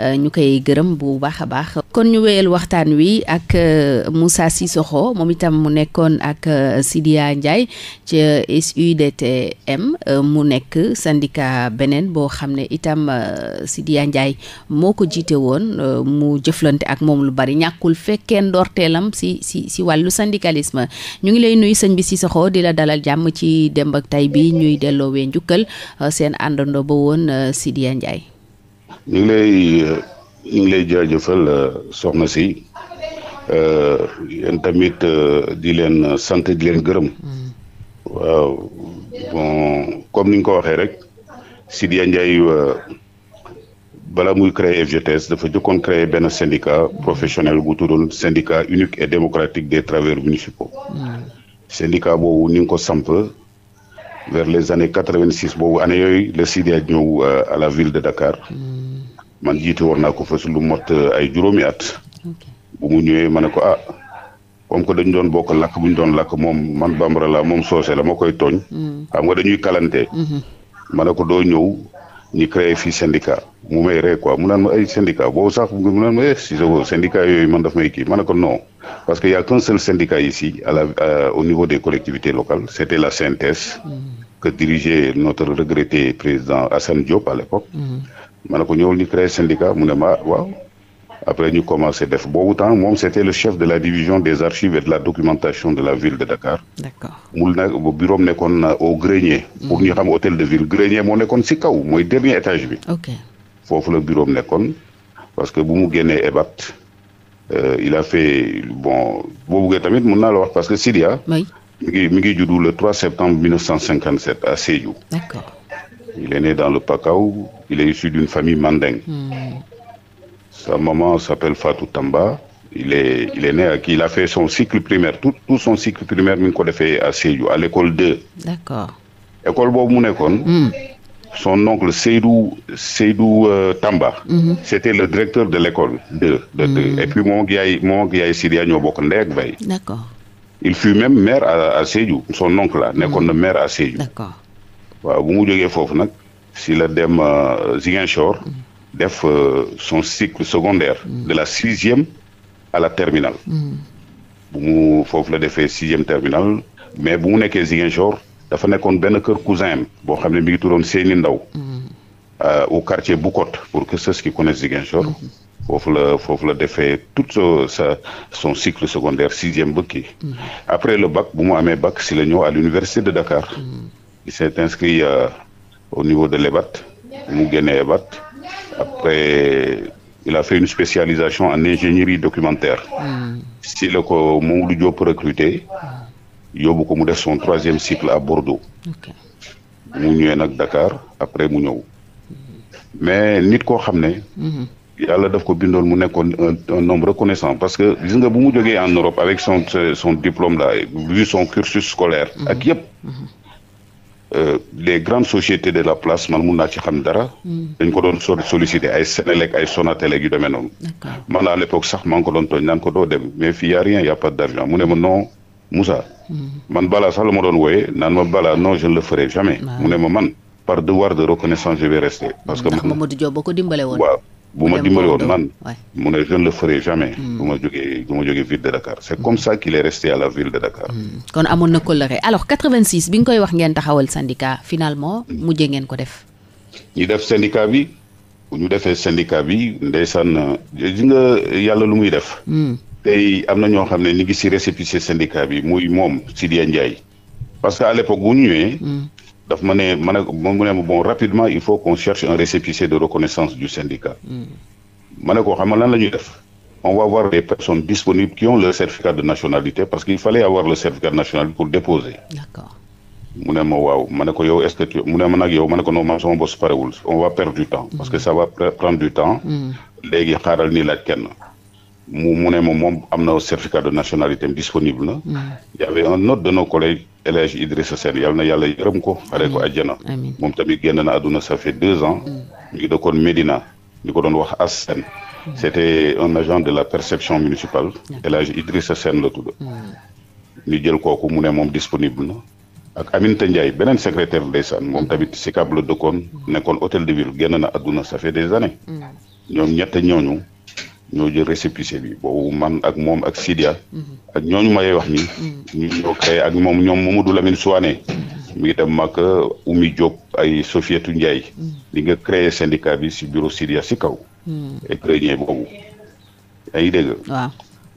[SPEAKER 1] ñu koy gërëm bu baax a baax. kon ñu wéyal waxtaan wi ak euh, Moussa Sissokho moom itam mu nekkoon ak Sidiya Ndiaye ci SUDTM mu nekk syndicat beneen. boo xam ne itam euh, Sidiya Ndiaye moo ko jiite woon euh, mu jëflante ak moom lu bari ñàkkul fekkee ndoorteelam si si si wàllu syndicalisme ñu ngi lay nuyu sëñ bi si Cissokho di la dalal jàmm ci démb ak tay bi ñuy delloowee njukkal euh, seen àndandoo ba woon Sidiya Ndiaye.
[SPEAKER 4] ñu ngi lay ñu ngi lay jaajëfal soxna si yéen tamit di leen sant di leen gërëm. Mm. waaw bon comme ni nga ko waxee rek. Sidya Ndiaye euh, bala muy créer FGTS dafa jëkkoon créer benn syndicat professionnel bu turon syndicat unique et démocratique des travailleurs municipaux hmm. syndicat boobu ni nga ko samp vers les années quatre-vingt-six boobu année yooyu la Sidya ñëw euh, à la ville de Dakar hmm. man jiite war naa ko fa lu mot euh, ay juróomi at bu mu ñëwee ma ne ko ah comme que dañu doon bokk lakk bu ñu doon lakk moom man bambara la moom soose la ma koy tooñ hmm. xam nga dañuy kalante ma ne ko doo ñëw ñu créé fii syndicat mu may ree quoi mu naan ma ay eh, syndicat boobu sax mu naan ma eh si syndicat yooyu man daf may kii ma ne parce que y' a qu'un seul syndicat ici la à, au niveau des collectivités locales c' la CNTS. que dirigeait notre regretté président Assane Diop à l'époque mm-hmm. ma ne ko ñëwul ñu mu ne ma waaw. après ñu commencé def boobu temps moom c'était le chef de la division des archives et de la documentation de la ville de Dakar. d'accord mu ne bureau am nekkoon au grenier. pour ñu xam hôtel de ville grenier moo nekkoon ci kaw mooy dernier étage bi. foofu la bureau am nekkoon parce que bu mu génnee EBAT euh, il a fait bon boo buggee tamit mën naa la wax parce que Sidia. oui mi ngi mi ngi juddu le 3 septembre 1957 à Sédhiou. d'accord il est le Pakao il est issu d'une Sa maman s'appelle Fatou Tamba. il est il est né ak il a fait son cycle primaire tout tout son cycle primaire mi ngi ko defee à Sédhiou à l'école 2. école boobu mu nekkoon. Hmm. son oncle Seydou euh, Tamba. Mm -hmm. c'était le directeur de l'école 2 de, de hmm. et puis moom ak yaay moom ak yaay bokk ndey ak il fut même maire à à Sédhiou son oncle la nekkoon na maire à Sédhiou. waaw bu mu jógee foofu nag si la dem euh, Ziguinchor. Hmm. def euh, son cycle secondaire. Mm. de la sixième à la terminal mm. bu mu foofu la defee sixième terminale mais bu mu nekkee Ziguinchor dafa nekkoon benn kër cousin am boo xam ne mi ngi turoon Seyni Ndaw. Mm. Euh, au quartier Boucotte pour que ceux qui connaissent Ziguinchor. foofu la foofu la defee toute sa son cycle secondaire sixième ba kii. après le bac bu mu amee bac si la ñëw à l'université de Dakar. il s'est inscrit euh, au niveau de l'EBAT mu génnee EBAT. Après, il a fait une spécialisation en ingénierie documentaire. si la ko Mamadou Diop recruté yobu ko mu def son troisième cycle à Bordeaux. mu ñëwee nag Dakar après mu ñëw. mais nit koo xam ne. Mhm. yàlla def ko bindool mu nekkoon un homme reconnaissant parce que gis nga bu mu jógee en Europe avec son son diplôme là vu son cursus scolaire. ak mhm. yëpp. Mhm. Euh, les grandes sociétés de la place man mun na xam dara. Hmm. dañ ko doon sol sollicité ay Sénélec ay Sonatel ak yu demee noonu. man à l'époque sax maa ngi ko doon tooñ naan ko doo dem mais fii a rien y a pas d'argent mu ne ma non Moussa. Hmm. man balaa sax la ma doon wooyee naan ma balaa non je le ferai jamais. mu ne ma man par devoir de reconnaissance je vais parce que man
[SPEAKER 1] Mamadou Diop boo ko dimbale woon
[SPEAKER 4] bu ma dimbali woon man mu ne je ne le ferai jamais hmm. bu ma jógee bu ma jógee ville de Dakar c'est comme hmm. ça qu'il est resté à la ville de Dakar hmm.
[SPEAKER 1] kon amoon na kóllëre alors bi nga koy wax ngeen taxawal syndicat finalement mujjee ngeen ko def
[SPEAKER 4] ñu def syndicat bi bu ñu defee syndicat bi ndeysaan ji nga yàlla lu muy def tey am na ñoo xam ne ni ngi si récépissé syndicat bi muy moom Sidia Ndiaye parce que à l'époque bu ñu ñëwee daf ma ne ma ne mu ne bon rapidement il faut qu'on cherche un récépissé de reconnaissance du syndicat hmm. ma ne ko xam nga lan la ñuy def on va voir des personnes disponibles qui ont le certificat de nationalité parce qu'il fallait avoir le certificat nationalité pour déposer mu ne ma waaw ma ne ko yow est-ce que tu mu ne ma nag yow ma ne ko no man sama boss parewul on va perdre du temps parce que hmm. ça va prendre du temps hmm. léegi xaaral nii laaj kenn mu mu ne ma moom am na certificat de nationalité disponible na il y avait un El Hadj Idrissa Sène yal na yàlla yërëm ko xare ko àjjana moom tamit génn na àdduna ça fait deux ans ñu mm. ngi dëkkoon Médina ñu ko doon wax Assène mm. c'était un agent de la perception municipale El Hadj Idrissa Sène la tudd mm. ñu jël kooku mu ne moom disponible na ak Aminata Ndiaye beneen secrétaire ndeysaan moom tamit Sicap la dëkkoon nekon hôtel de ville génn na àdduna ça des années ñoom ñett ñooñu ñoo jël récépissé bi boobu man ak moom ak Sidia. Mm-hmm. ak ñooñu may wax ni. Mm-hmm. ñu ñoo créé ak moom ñoom Mamadou Lamine Souané. Mm-hmm. mi ngi dem ak uh, Oumy ay Sofietou Ndiaye. li nga créé syndicat bi si bureau Sidia si kaw. et créé boobu. yaa ngi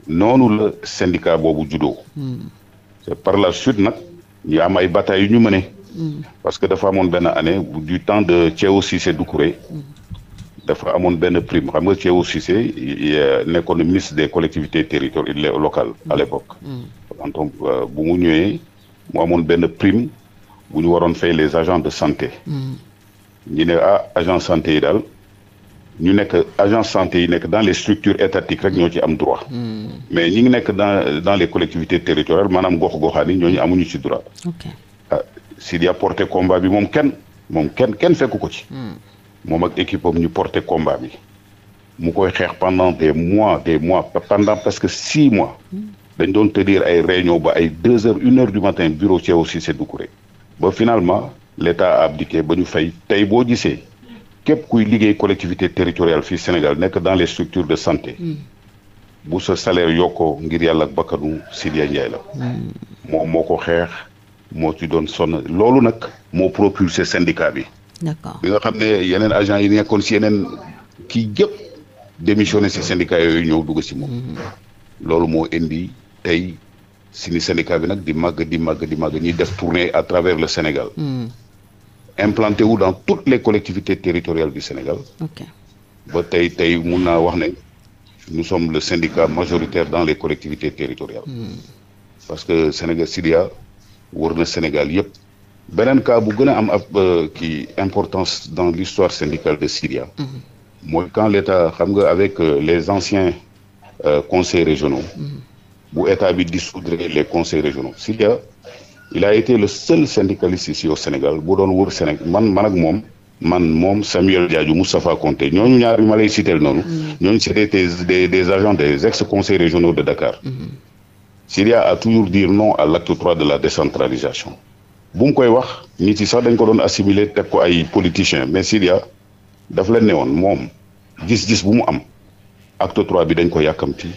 [SPEAKER 4] noonu la syndicat boobu juddoo. par la suite nag ñu am ay batailles ñu mëne. parce que dafa amoon benn année du temps de Thiaw Cissé Doucouré. dafa amoon benn prime xam nga Thiéou Cissé euh, nekkoon na ministre des collectivités territoriales locales mm. à l'époque anton mm. euh, bu mu ñëwee mu amoon benn prime bu ñu waroon fay les agents de santé mm. ñu ne ah agent santé yi daal ñu nekk agent santé yi nekk dans les structures étatiques rek ñoo ci am droit mais ñi ngi nekk dans dans les collectivités territoriales maanaam gox-goxaan yi ñooñu amuñu ci droit si ah, Sidy a porté combat bi moom kenn moom kenn kenn fekku ko ci moom ak équipe ñu porté combat bi mu koy xeex pendant des mois des mois pendant presque six mois dañ doon tenir ay réunion ba ay deux heures une heure du matin bureau Thiaw Cissé Doucouré ba finalement l'état a abdiqué ba ñu fay tey boo gisee képp kuy liggéey collectivité territoriale fii Sénégal nekk dans les structures de santé bu sa salaire yokkoo ngir yàlla ak bakkanu Sidya Ndiaye la moo moo ko xeex moo ci doon sonn loolu nag moo propulsé syndicat bi d'accord bi nga xam ne yeneen agent yi nekkoon si yeneen kii yëpp démissionné si syndicat yooyu ñëw dugg si moom. Mm-hmm. loolu moo indi tey suñu syndicat bi nag di màgg di màgg di màgg ñuy def tournée à travers le Sénégal. Mm. implanté wu dans toutes les collectivités territoriales du Sénégal. ok tey tey mun naa wax ne nous sommes le syndicat majoritaire dans les collectivités territoriales. Mm. parce que Sénégal SIDIA wër na Sénégal yëpp. beneen cas bu gën a am ab euh, kii importance dans l'histoire syndicale de Syria mhm. mooy quand l'état xam nga avec euh, les anciens euh, conseils régionaux mhm. bu état bi dissoudre les conseils régionaux Syria il a été le seul syndicaliste ici au Sénégal bu doon wër Sénégal man man ak moom man moom Samuel Diadio Moustapha Konté ñooñu ñaar yu ma lay citeel noonu mhm. ñooñu des des agents des ex-conseils régionaux de Dakar Syria a toujours dit non à l'acte trois de la décentralisation bu mu koy wax nit yi sax dañ ko doon assimiler teg ko ay politiciens mais Sidya daf ne woon moom gis-gis bu mu am acte trois bi dañ ko yàkkamti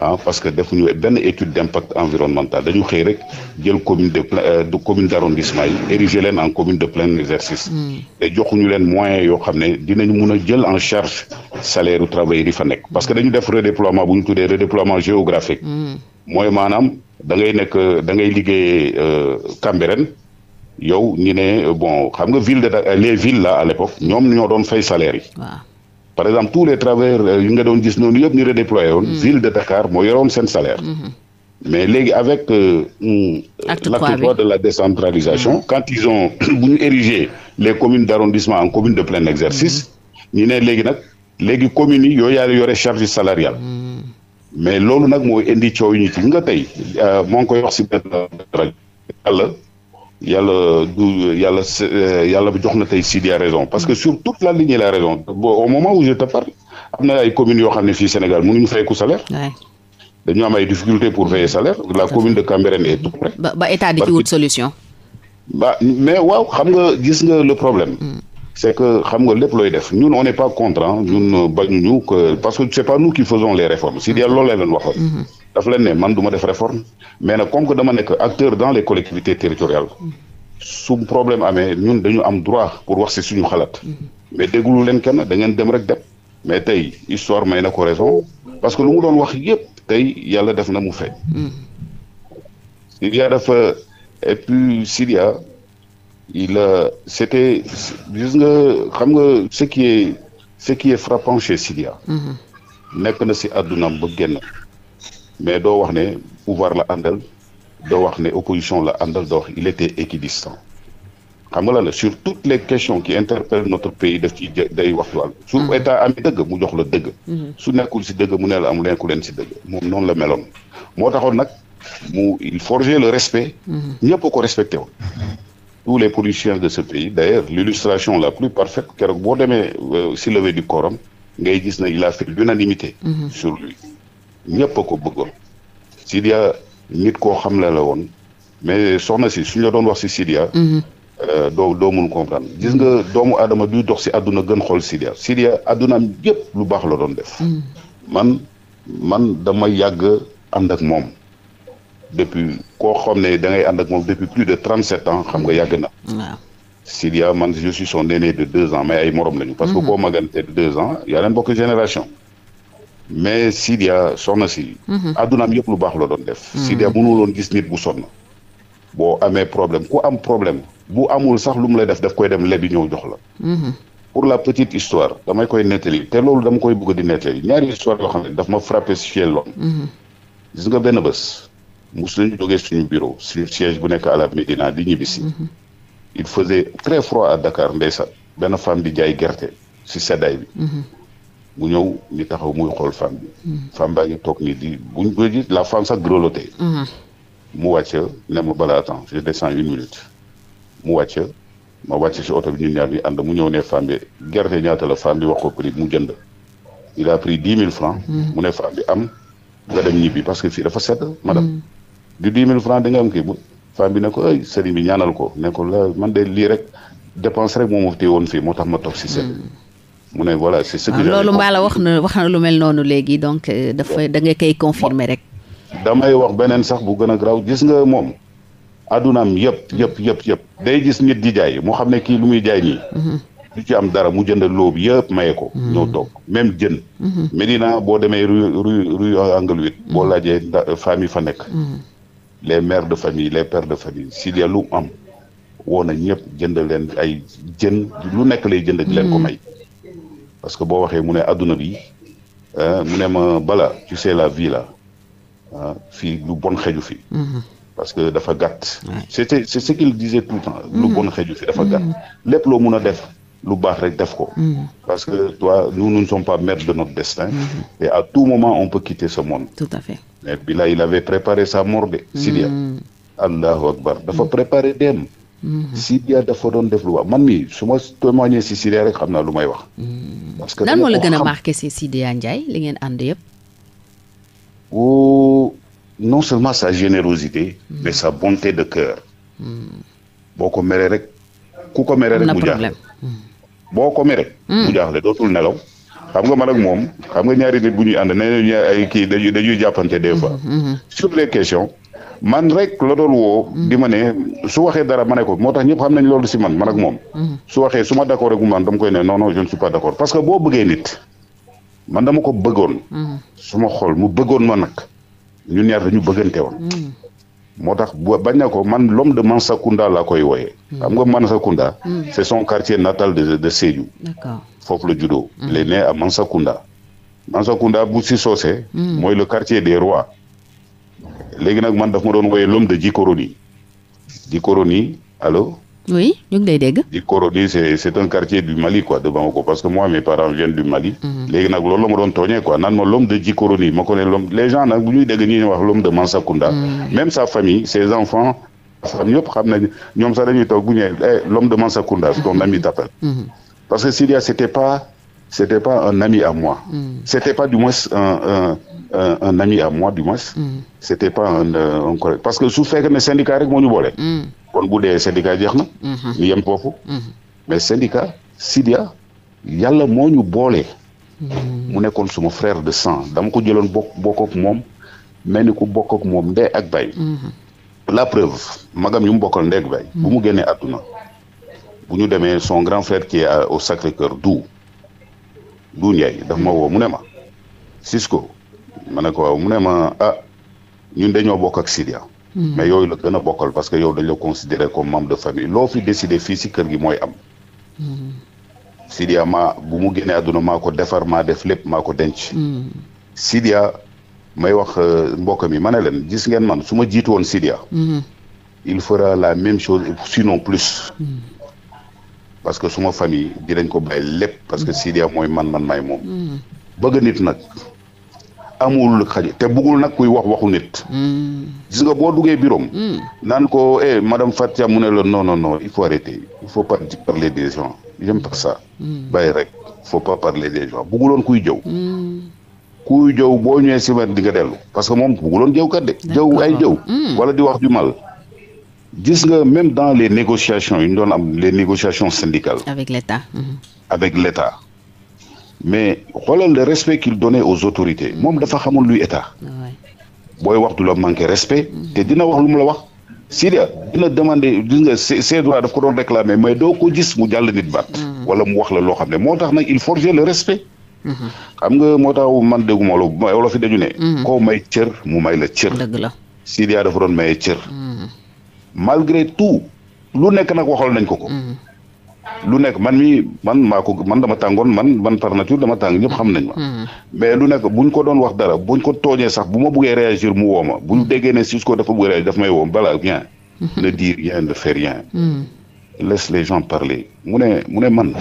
[SPEAKER 4] ah parce que defuñu benn étude d'impact environnemental dañu xëy rek jël commune de euh, de commune d'arrondissement yi érigé leen en commune de plein exercice. Hmm. te joxuñu leen moyens yoo xam ne dinañ mun a jël en charge salaire u travail yi fa nekk. parce que dañu def redéploiement bu ñu tuddee redéploiement géographique. Hmm. mooy maanaam da ngay nekk da ngay liggéey euh, Cambérène yow ñu ne bon xam nga ville de les villes la à l'époque ñoom ñoo doon fay salaire yi. par exemple tous les travailleurs euh, yi nga doon gis noonu yëpp ñu redéployé woon. Mm. ville de Dakar moo yoroon seen salaire. Mm-hmm. mais léegi avec euh, mm, l'acte 3 de la décentralisation mm-hmm. quand ils ont bu ñu érigé les communes d'arrondissement en communes de plein exercice mm-hmm. ñu ne léegi nag léegi communes yi yooyu yaa yore charge salariale mais loolu nag moo indi coow yi ñu nga tey euh, moo ngi koy wax si benn rek yàlla yàlla du yàlla euh, yàlla jox na tey Sidi a raison parce que sur toute la ligne il a raison au moment où je te am na ay communes yoo xam ne fii Sénégal mënuñu fayeku salaire. dañu am ay difficultés pour payer salaire la commune de Cambérène est tout près.
[SPEAKER 1] ba état di ci wut solution.
[SPEAKER 4] ba mais waaw xam nga gis nga le problème. Mm. c'est que xam nga lépp looy def ñun on n'est pas contre ñun euh, bañuñu que parce que c'est pas nous qui faisons les réformes si dee leen waxoon mm-hmm. daf leen ne man du ma def réforme mais na comme que dama nekk acteur dans les collectivités territoriales su problème amee ñun dañu am droit pour wax si suñu xalaat mm-hmm. mais déggulu leen kenn da ngeen dem rek dem mais tey histoire may na ko raison parce que lu mu doon wax yépp tey yàlla def na mu fe Syria mm-hmm. dafa et il a c'était gis nga xam nga ce qui est ce qui est mm-hmm. nekk na si àddunaam ba génn. mais doo wax ne pouvoir la àndal doo wax ne opposition la àndal doo wax il était équidistant xam nga lan sur toutes les questions qui interpellent notre pays daf ci day wax wàll su mm-hmm. état amee dëgg mu jox la dëgg mm-hmm. su nekkul si dëgg mu ne la am leen ku leen si dëgg moom noonu la meloon moo taxoon nag mu il forgeait le respect ñëpp ko respecté woon tous les produits chefs de ce pays d'ailleurs l'illustration la plus parfaite keroog boo demee euh, si levée du ngay gis na il a fait l'unanimité mhm. sur lui ñëpp a ko bëggoon Sidia nit koo xam ne la woon mais soxna si suñu la doon wax si Sidia mhm. euh, doo doo gis nga doomu aadama biy dox si àdduna gën xool Sidia Sidia àddunaam yëpp lu baax la doon def mhm. man man dama yàgg ànd ak moom depuis koo xam ne da ngay ànd ak moom depuis de trent sept ans xam nga yàgg na. waaw Sidia man je suis son aîné de deux ans mais ay morom lañu. parce que mhm. koo magante de deux ans yaa leen bokk génération. mais Sidia soxna si. Mhm. addunaam yëpp lu baax la doon def. Mhm. Sidia mënul woon gis nit bu sonn. boo amee problème ku am problème bu amul sax lu mu la def daf koy dem lebi ñëw jox la. pour la petite histoire damay koy nettali te loolu dama koy bëgg di nettali ñaari histoire yoo xam ne daf ma frappé si fii lool. gis mus nañu jógee suñu bureau suñu siège bu nekk à la Médina di ñibbisi mhm. il faisait très froid à di jaay gerte si seddaay bi mhm. mu ñëw ni taxaw muy xool femme bi mhm. femme baa ngi toog ni di buñ ko gis la femme sax grelotté mu wàcc ne ma balaa temps je descends une minute mu wàcc ma wàcc si oto bi ñun ñaar ñu ànd mu ñëw ne femme bi gerte ñaata la femme bi wax ko prix mu jënd il a pris dix mille francs mu ne femme bi am nga dem ñibbi parce que fii dafa sedd madame di dix mille francs di nga am kii bu femme bi ne ko ay sëriñ bi ñaanal ko ne ko man de lii rek dépense rek moom ma woon fii moo tax ma toog si seen hmm. mu ne voilà c'est ce que ah, loolu
[SPEAKER 1] wax na wax na lu mel léegi donc euh, dafa da nga koy confirmer rek
[SPEAKER 4] damay wax beneen sax bu gën a garaaw gis nga moom addunaam yëpp hmm. yëpp yëpp yëpp day gis nit di jaay moo xam ne kii lu muy jaay nii lu hmm. ci am dara mu jënd loobu yëpp maye ko ñëw toog même jën Medina boo demee ru ru rue Angle boo laajee famille fa nekk les mères de famille les pères de famille s'il y a lu am woo na ñëpp jënd leen ay jën lu nekk lay jënd leen ko hmm. may parce que boo waxee mu ne adduna bi mu ne ma bala tu sais la vie là ah, fii lu bon xeju fi hmm. parce que dafa gàtt c'était c'est ce qu'il disait tout le temps lu hmm. bon xeju fi dafa gàtt lépp loo mun a def lu baax rek def ko parce que toi nu nous ne sommes pas maîtres de notre destin mm à tout moment on peut quitter ce monde tout mais billah il avait préparé sa mort de Sidia mm. allahu akbar dafa mm. préparé dem mm-hmm. Sidia dafa doon def lu baax man mi su ma témoigné si Sidia rek xam naa lu may wax mm. parce que lan moo la gën a
[SPEAKER 1] marqué si Sidia Ndiaye li ngeen ànd yëpp
[SPEAKER 4] o non seulement sa générosité mais sa bonté de cœur boo ko meree rek ku ko meree rek mu jaaxle boo ko meree mu jaaxle dootul nelaw xam nga man ak moom xam nga ñaari nit bu ñuy ànd nee nañu ay kii dañuy dañuy jàppante des fois. Mm-hmm, mm-hmm. sur les questions man rek la doon woo. Mm-hmm. di ma ne su waxee dara ma ne ko moo tax ñëpp xam nañ loolu si man man ak moom. su waxee su ma d' accord ak man dama koy ne non non je ne suis pas d' parce que boo bëggee nit man dama ko bëggoon. su ma xool mu bëggoon ma nag ñu ñaar dañu bëggante woon. moo tax bañ na ko man l'homme de Mansakunda laa koy wooyee. Hmm. xam nga Mansakunda. Hmm. c'est son quartier natal de de foofu la juddoo. Hmm. il est né à Mansakunda. Mansakunda bu si soosee. mooy le quartier des rois. léegi nag man daf ma doon wooyee lom de Djikoroni. Djikoroni allo.
[SPEAKER 1] oui ñu ngi lay dégg.
[SPEAKER 4] di un quartier du Mali quoi de Bamako parce que moi mes parents viennent du Mali. Mhm. léegi nag loolu la ma doon tooñee quoi l'homme de Djikoroni ma ko les gens nag bu ñuy dégg wax l'homme de Mansakunda. Mhm. même sa famille ses enfants. xam ñëpp xam nañ ñoom sax dañuy toog bu eh, l'homme de Mansakunda ton ami t'appelle. Mhm. parce que Sidia c' pas un ami à moi. c' pas du moins un un, un ami à moi du moins. Mm. c'était pas un euh, un collègue parce que su fekkee ne syndicat rek moo ñu boole. Mm. kon bu dee syndicat jeex na. Mm-hmm. ñu yem foofu. Mm-hmm. mais syndicat Sidia yàlla moo ñu boole. Mm. mu nekkoon suma frère de sang dama ko jëloon bokk bokk moom mel ni ku bokk moom ndey ak bay. Mm-hmm. la preuve magam ñu mu bokkal ndey ak bay. bu mu génnee àdduna bu ñu demee son grand frère qui au Sacré-Cœur du du Ndiaye daf woo mu ne ma Cisco ma ne ko waaw mu ne ma ah ñun dañoo bokk ak Sidia. Hmm. mais yooyu la gën a bokkal parce que yow dañ la considéré comme membre de famille loo fi décidé fii si kër gi mooy am. Hmm. Sidia maa bu mu génnee àdduna maa ko defar maa def lépp maa ko denc. Hmm. Sidia may wax euh, mbokk mi ma ne leen gis ngeen man su ma jiitu woon Sidia. il fera la même chose sinon plus. parce que suma famille dinañ ko bàyyi lépp parce que Sidia mooy man man maay moom. bëgg nit nag. amul xaj te bëggul nag kuy wax waxu nit. Hmm. gis nga boo duggee biroom. Hmm. naan ko eh madame Fatia mu ne loon non non non il faut arrêter il faut des gens j'aime pas ça. Hmm. rek il faut pas parler des gens bëgguloon kuy jëw. kuy jëw boo ñëwee si wet di nga dellu parce que moom bëgguloon jëw kat de. jëw ay jëw. wala di wax ju mal. gis nga même dans les négociations yu ñu doon am les négociations syndicales. avec l'État. avec l'État. mais xoolal de respect qu'il donnait aux autorités moom dafa xamul luy état booy wax du la manqué respect te dina wax lu mu la wax si Sidia dina demandé gis nga ses droits daf ko doon réclamer mais doo ko gis mu jàll nit baat mm. wala mu wax la loo xam ne moo tax nag il forgeait le respect mm-hmm. xam nga moo tax man dégguma lu wala fi dañu ne mm. koo may cër mu may la cër dëgg la Sidia dafa doon maye cër mm-hmm. malgré tout lu nekk nag waxal nañ ko ko mm-hmm. lu nekk man mi man maa ko man dama tàngoon man man par nature dama tàng ñëpp xam nañ ma. Hmm. mais lu nekk bu buñ ko doon wax dara buñ ko tooñee sax bu ma buggee réagir mu woo ma buñ hmm. déggee ne si ko dafa bëgg réagir daf may woo balaa bien. Hmm. ne dit rien ne fait rien. laisse les gens parler mu ne mu ne man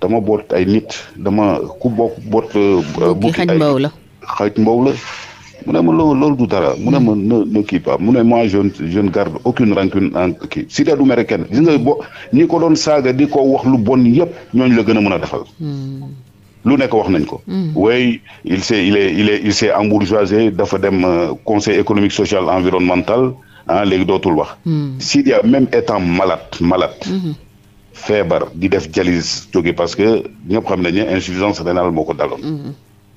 [SPEAKER 4] dama boot ay nit dama ku bokk boot. Euh, bu xaj la xaj mbaw la. mu ne ma loolu du dara mu ne ma ne ne kii pas mu ne moi je je ne garde aucune rancune en kii du mere kenn ko doon saaga di ko wax lu bon yëpp ñooñu la gën a mën a defal. Hmm. lu nekk wax nañ ko. way hmm. il s'est il est il embourgeoisé dafa dem euh, conseil économique social environnemental ah léegi dootul wax. Hmm. Sidia même étant malade malade. feebar di def dialyse jóge parce que ñëpp xam nañ ne insuffisance rénale moo ko daloon.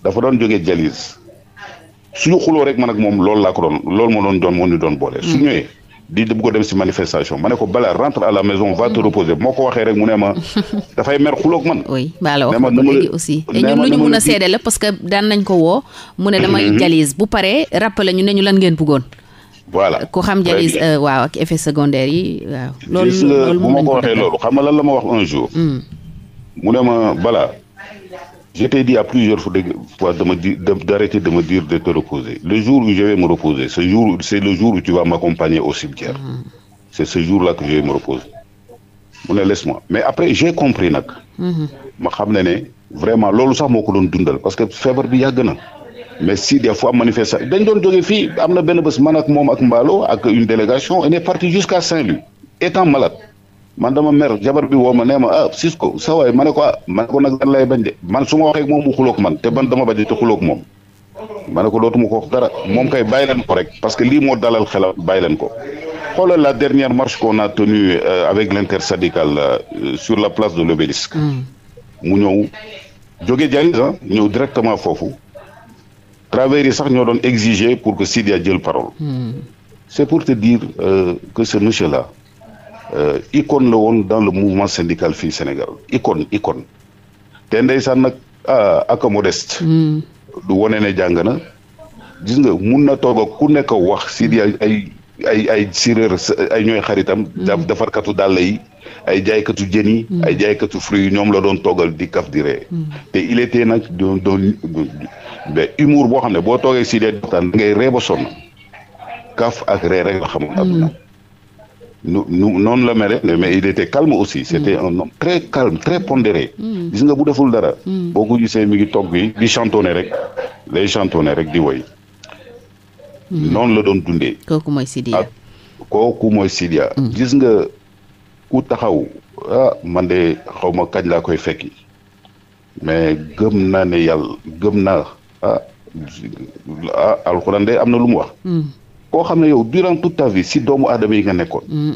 [SPEAKER 4] dafa doon joge dialyse. suñu xuloo rek man ak moom loolu laa ko doon loolu moo doon doon moo doon boole. su mm. ñëwee di bëgg ko dem si manifestation ma ne ko bala rentre à la maison va te mm. reposer moo ko waxee rek mu ne ma dafay mer xuloog
[SPEAKER 1] man. oui baala wax ko léegi aussi te ñun lu ñu mun a mm-hmm. xam jalis euh, waaw ak effet secondaire yi waaw. loolu loolu bu ma ko waxee loolu
[SPEAKER 4] xam nga lan la ma wax un jour. Mm. mu ne ma bala je t'ai dit à plusieurs fois de me dire de te reposer le jour où je vais reposer ce jour c'est le jour où tu au cimetière mm. c'est ce jour-là que je vais reposer mu ne laisse-moi mais après j'ai compris nag mm-hmm. ma xam ne ne vraiment loolu sax moo ko doon dundal parce que feebar bi yàgg na mais si des fois manifestation dañ doon jógee fii am na benn bés man ak moom ak Mballo ak une délégation on est parti jusqu'à Saint-Louis étant malade man dama mer jabar bi woo ma nee ma ah Cisco ne ko ah ma ne ko nag dan bañ de man su ma waxee ak moom mu xuloog man te ban dama bañ te xuloog moom ma ne ko dootuma ko dara moom kay bàyyi leen ko rek parce que lii moo dalal xelam bàyyi leen ko xoolal la dernière marche qu'on a tenue euh, avec l'intersyndicale euh, sur la place de l'obélisque hmm. mu ñëw jóge Dialis ah ñëw directement foofu travailleurs yi sax ñoo doon exiger pour que Sidia jël parole hmm. c'est pour te dire euh, que ce monsieur Euh, icône la woon dans le mouvement syndical fii Sénégal icône icône te ndeysaan nag ah, ak modeste hmm. du wone ne jàng na gis nga mun na toog ak ku nekk wax si ay ay ay séeréer ay ñooy xaritam hmm. defarkatu dàll yi ay jaaykatu jën yi hmm. ay jaaykatu fruits yi ñoom la doon toogal di kaf di ree te il était nag doon doon mais humour boo xam ne boo toogee si dee waxtaan da ngay ree ba sonn kaf ak ree la xamoon adduna nu nu noonu la mere mais il était calme aussi mm. c' était un homme très calme très pondéré mm. gis nga bu deful dara mm. boo ko gisee mi ngi togg yi di ne rek lay chantonné rek di woy noonu la doon dundee ko mooy Sidia kooku mooy Sidia gis nga ku taxaw ah man de xaw kañ laa koy fekki mais gëm naa ne yàlla gëm naa ah ah de am na lu mu wax koo xam ne yow durant toute ta si doomu aadama yi nga nekkoon. Mm.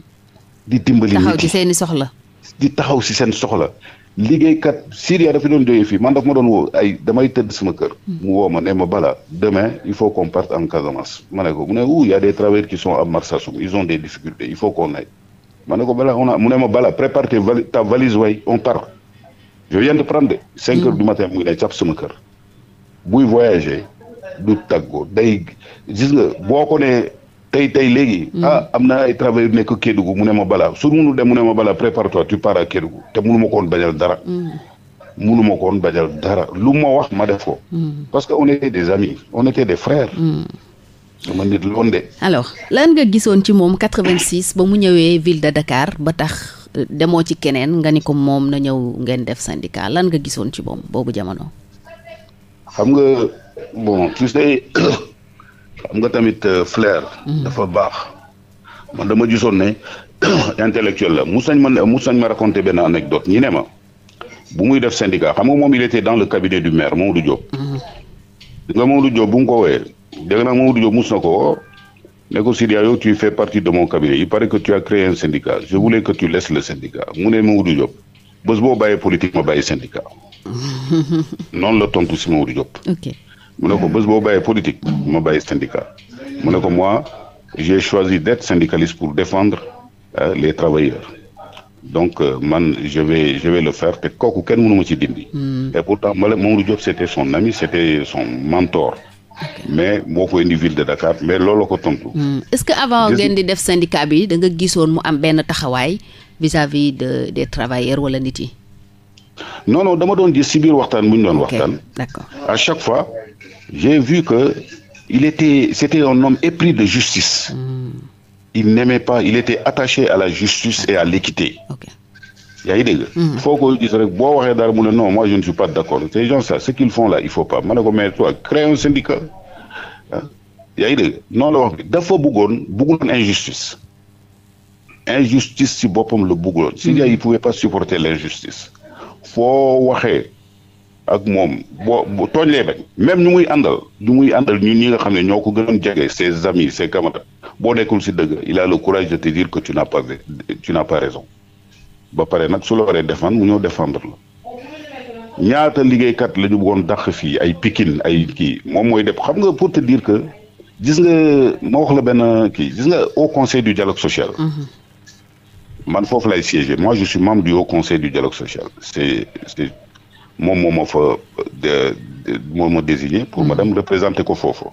[SPEAKER 4] di dimbali nit ci
[SPEAKER 1] seen soxla.
[SPEAKER 4] di taxaw si seen soxla. liggéey liggéeykat Syria dafa doon jógee fii man daf ma doon woo ay damay tëdd sama kër. Mm. mu woo ma ne ma bala demain il faut qu'on parte en Casamance ma ne ko mu ne ouh y a des travailleurs qui sont à Marsassoum ils ont des difficultés il faut qu'on aille ma ne ko bala on a mu ne ma bala prépare ta valise way on part je viens de prendre. 5 heures mm. du matin mu ngi lay jàpp sama kër. buy voyager. du tàggoo day gis nga boo ko nee tey tey léegi. Mm. ah am na ay travailleurs yu nekk Kédougou mu ne ma balaa su munu dem mu ne ma balaa préparatoire tu pars à Kédougou te munu ma ko bañal dara. Mm. munu koon ko woon bañal dara lu ma wax ma def ko. Mm. parce que on était des amis on était des frères. sama nit loon de.
[SPEAKER 1] alors lan nga gisoon ci moom 86 ba mu ñëwee ville de Dakar ba tax euh, demoo ci keneen nga ni ko moom na ñëw ngeen def syndicat lan nga gisoon ci moom boobu jamono.
[SPEAKER 4] xam nga. bon tu sais xam nga tamit euh, flair. Hmm. dafa baax. man dama gisoon ne intellectuel la mu sañ ma mu ma raconté benn anecdote ñi ne ma bu muy def syndicat xam nga moom il était dans le cabinet du maire du Diop. Hmm. nga Mamadou Diop bu mu ko wooyee dégg naa Mamadou Diop mus na ko woo ne ko Sidia yow tu fais partie de mon cabinet il paraît que tu a créé un syndicat je voulais que tu laisses le syndicat mu ne Mamadou Diop bés boo bàyyee politique ma bàyyi syndicat. noonu la tontu si Mamadou Diop. mu ne ko bés boo bàyyee politique ma bàyyi syndicat mu ne ko moi j'ai choisi d'être syndicaliste pour défendre les travailleurs donc euh, man je vais le faire te kooku kenn mënu ma ci dindi. Hmm. et pourtant Mamadou Diop c'était son ami c'était son mentor. mais moo ko indi de Dakar mais loolu ko tontu.
[SPEAKER 1] Hmm. est-ce que avant ngeen di def syndicat bi da nga gisoon mu am benn taxawaay vis-à-vis de des travailleurs wala nit yi.
[SPEAKER 4] non non dama doon gis si biir waxtaan bu ñu doon waxtaan. d'accord à chaque fois. j'ai vu que il était, c'était un homme épris de justice. Mm. Il n'aimait pas, il était attaché à la justice et à l'équité. Okay. yaa ngi dégg. il faut que gis rek boo waxee dara mu ne non moi je ne suis pas d' accord ces gens là ce qu'ils font là il faut pas ma ne ko mais toi créer un syndicat ah yaa ngi la wax dafa bëggoon bëggoon injustice injustice si boppam la bëggoon. si mm. gars yi pouvait pas supporter l' foo waxee ak moom boo tooñ lay bañ même ñu muy àndal ñu muy àndal ñu ñi nga xam ne ñoo ko gënoon jege ses amis see camarades boo nekkul si dëgg il a le courage de te dire que tu n'as pas raison ba pare nag su la waree défendre mu ñëw défendre la ñaata liggéeykat la ñu bëggoon dàq fii ay pikin ay kii moom mooy def xam nga pour te dire que gis nga ma wax la benn kii gis nga au conseil du dialogue social. Mhm. man foofu lay siéger moi je suis membre du haut conseil du dialogue social c'est moom moom ma fa moo ma désigné pour ma dem mm. représenter ko foofu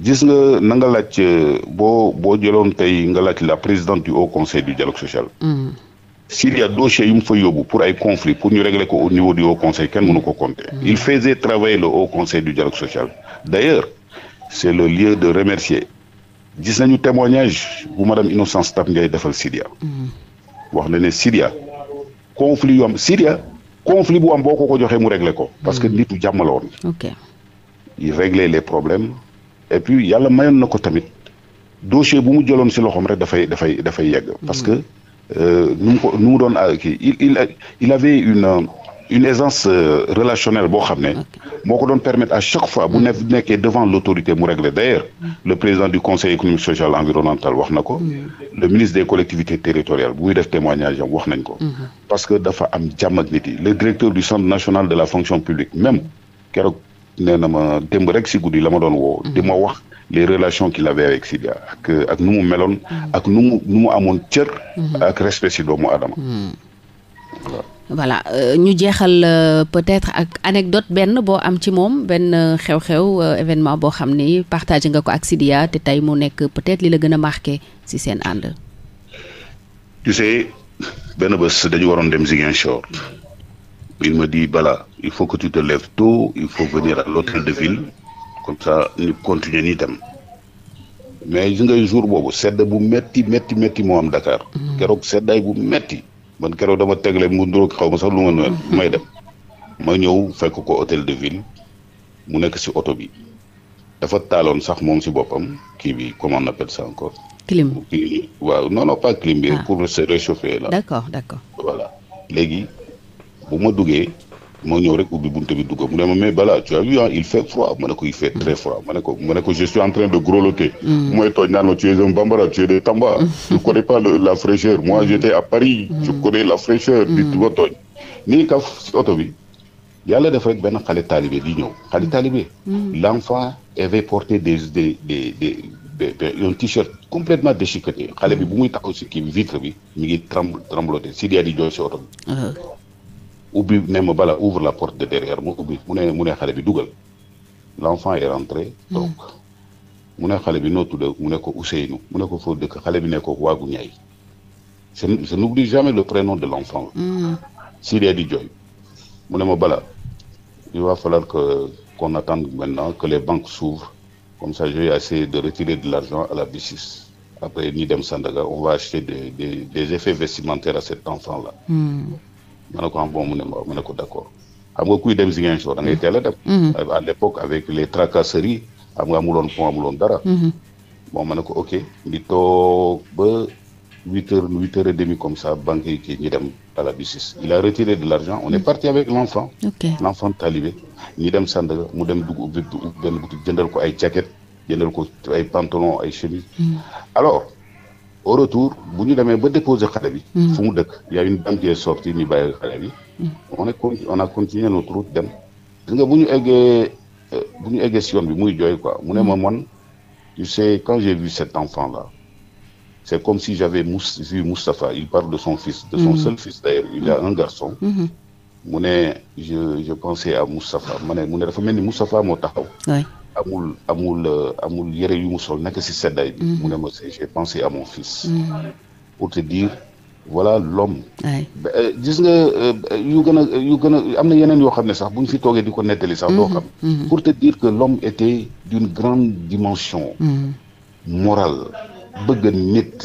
[SPEAKER 4] gis nga nanga nga laaj euh, boo boo jëloon tey nga laaj la présidente du haut conseil du dialogue social mm. s'il y a dossier yu mu fa yóbbu pour ay conflit pour ñu régler ko au niveau du haut conseil kenn mënu ko compter mm. il faisait travailler le haut conseil du dialogue social d'ailleurs c'est le lieu de remercier gis nañu témoignage bu madame Innocence Ntap Ndiaye defal Sidia wax na ne Sidia conflit yu conflit bu am boo ko ko joxee mu réglé ko. parce que mm-hmm. nitu jàmm la woon. réglé il réglait les problèmes et puis yàlla mayoon na ko tamit dossier bu mu jëloon si loxoom rek dafay dafay dafay yegg. parce mm-hmm. que euh, nu mu ko nu mu doon euh, kii il il il une. une aisance euh, relationnelle boo xam ne moo ko doon permettre à chaque fois bu ne nekkee devant l'autorité mu régler d'ailleurs mm. le président du conseil économique social environnemental wax na ko mm. le ministre des collectivités territoriales muy def témoignage am wax nañ ko mm-hmm. parce que dafa am jàmm ak le directeur du centre national de la fonction publique même keroog nee na ma démb rek si guddi la ma doon woo mm-hmm. di ma wax les relations qu'il avait avec Sidia ak ak nu mu meloon mm-hmm. ak nu mu nu mu amoon cër doomu aadama
[SPEAKER 1] voilà euh, ñu jeexal euh, peut-être ak anecdote benn boo am ci moom benn euh, xew-xew événement boo xam ni partagé nga ko ak Sidia te tey mu nekk peut-être li la gën a marqué si seen ànd.
[SPEAKER 4] tu sais benn bés dañu waroon dem Ziguinchor il me dit Bala il faut que tu te lèves tôt il faut venir à l'hôtel de ville comme ça ñu continuer nii dem mais gis nga jour boobu sedd bu metti metti metti moo am Dakar. Mm. keroog seddaay bu metti man keroog dama tegle mu nduróog xaw ma sax lu ma mel mm-hmm. may dem ma ñëw fekk ko hôtel de ville mu nekk si oto bi dafa taaloon sax moom si boppam kii bi comment on appelle ça encore clim kii waaw non non pas clim ah. pour se réchauffer là
[SPEAKER 1] d'accord d'accord
[SPEAKER 4] voilà léegi bu ma duggee moo ñëw rek ubbi bunte bi dugg mu ne ma mais balaa tu as vu ah il fait froid ma ne ko il fait très froid ma ne ko ma ne ko je suis en train de grelotter. bu may tooñ ma tu es bambara tu es Tamba. je mm. connais pas la fraîcheur moi mm. j'étais à Paris. je mm. connais la fraîcheur. di di ma tooñ bi yàlla def rek benn xale talibé di ñëw xale talibé. l'enfant avait porté des des des des. un t-shirt complètement déchiqueté xale bi bu muy taxaw si kii vitre bi mi ngi trembloté si di jooy si oto bi euh. ubbi ne ma bala ouvre la porte de derrière mu ubbi mu ne mu ne xale bi dugal l'enfant est rentré toog mu ne xale bi noo tudd mu ne ko Ousseynou mu ne ko foo dëkk xale bi ne ko waagu ñaay je je n'oublie jamais le prénom de l'enfant mm. si dee di jooy mu ne ma bala il va falloir que qu'on attende maintenant que les banques s'ouvrent comme ça je vais essayer de retirer de l'argent à la BICIS après ñi dem Sandaga on va acheter des des des effets vestimentaires à cet enfant là mm. ma ne am ah mu ne d' accord xam nga kuy dem Ziguinchor da ngay teel a dem. Mhm. à l' époque avec les tracasseries xam amuloon pont amuloon dara. Mhm. bon ma ne ko ok di toog ba huit heures huit heures et demie comme ça banque yi kii ñu dem la BICIS il a retiré de l' argent on est mhm. parti avec l' enfant. ok ñu dem Sandaga mu dem dugg ubbi benn ko ay jaquette jëndal ko ay pantalon ay chemise alors. au retour bu ñu demee ba déposer xale bi. Hmm. mu dëkk y a une dame qui est sortie ñu bàyyi xale bi. Hmm. on est a continué notre route dem. bu ñu eggee euh, bu ñu eggee si yoon bi muy jooy quoi mu ne ma hmm. man tu sais quand j'ai vu cet enfant là c' est comme si j'avais Mous vu Moustapha il parle de son fils. de seul fils d' ailleurs il a un garçon.
[SPEAKER 3] mu
[SPEAKER 4] ne je je pensais à Moustapha ma ne mu ne dafa mel ni Moustapha moo taxaw. amul amul euh, amul yëre yu mu sol nekk si seddaay bi mhm. mu ne ma j'ai pensé à mon fils mhm. pour te dire voilà l'homme euh, gis nga euh, yu gën a yu gën a am na yeneen yoo xam ne sax buñ ñu fi toogee di ko nettali sax doo mhm. xam pour te dire que l'homme était d'une grande dimension morale bëgg nit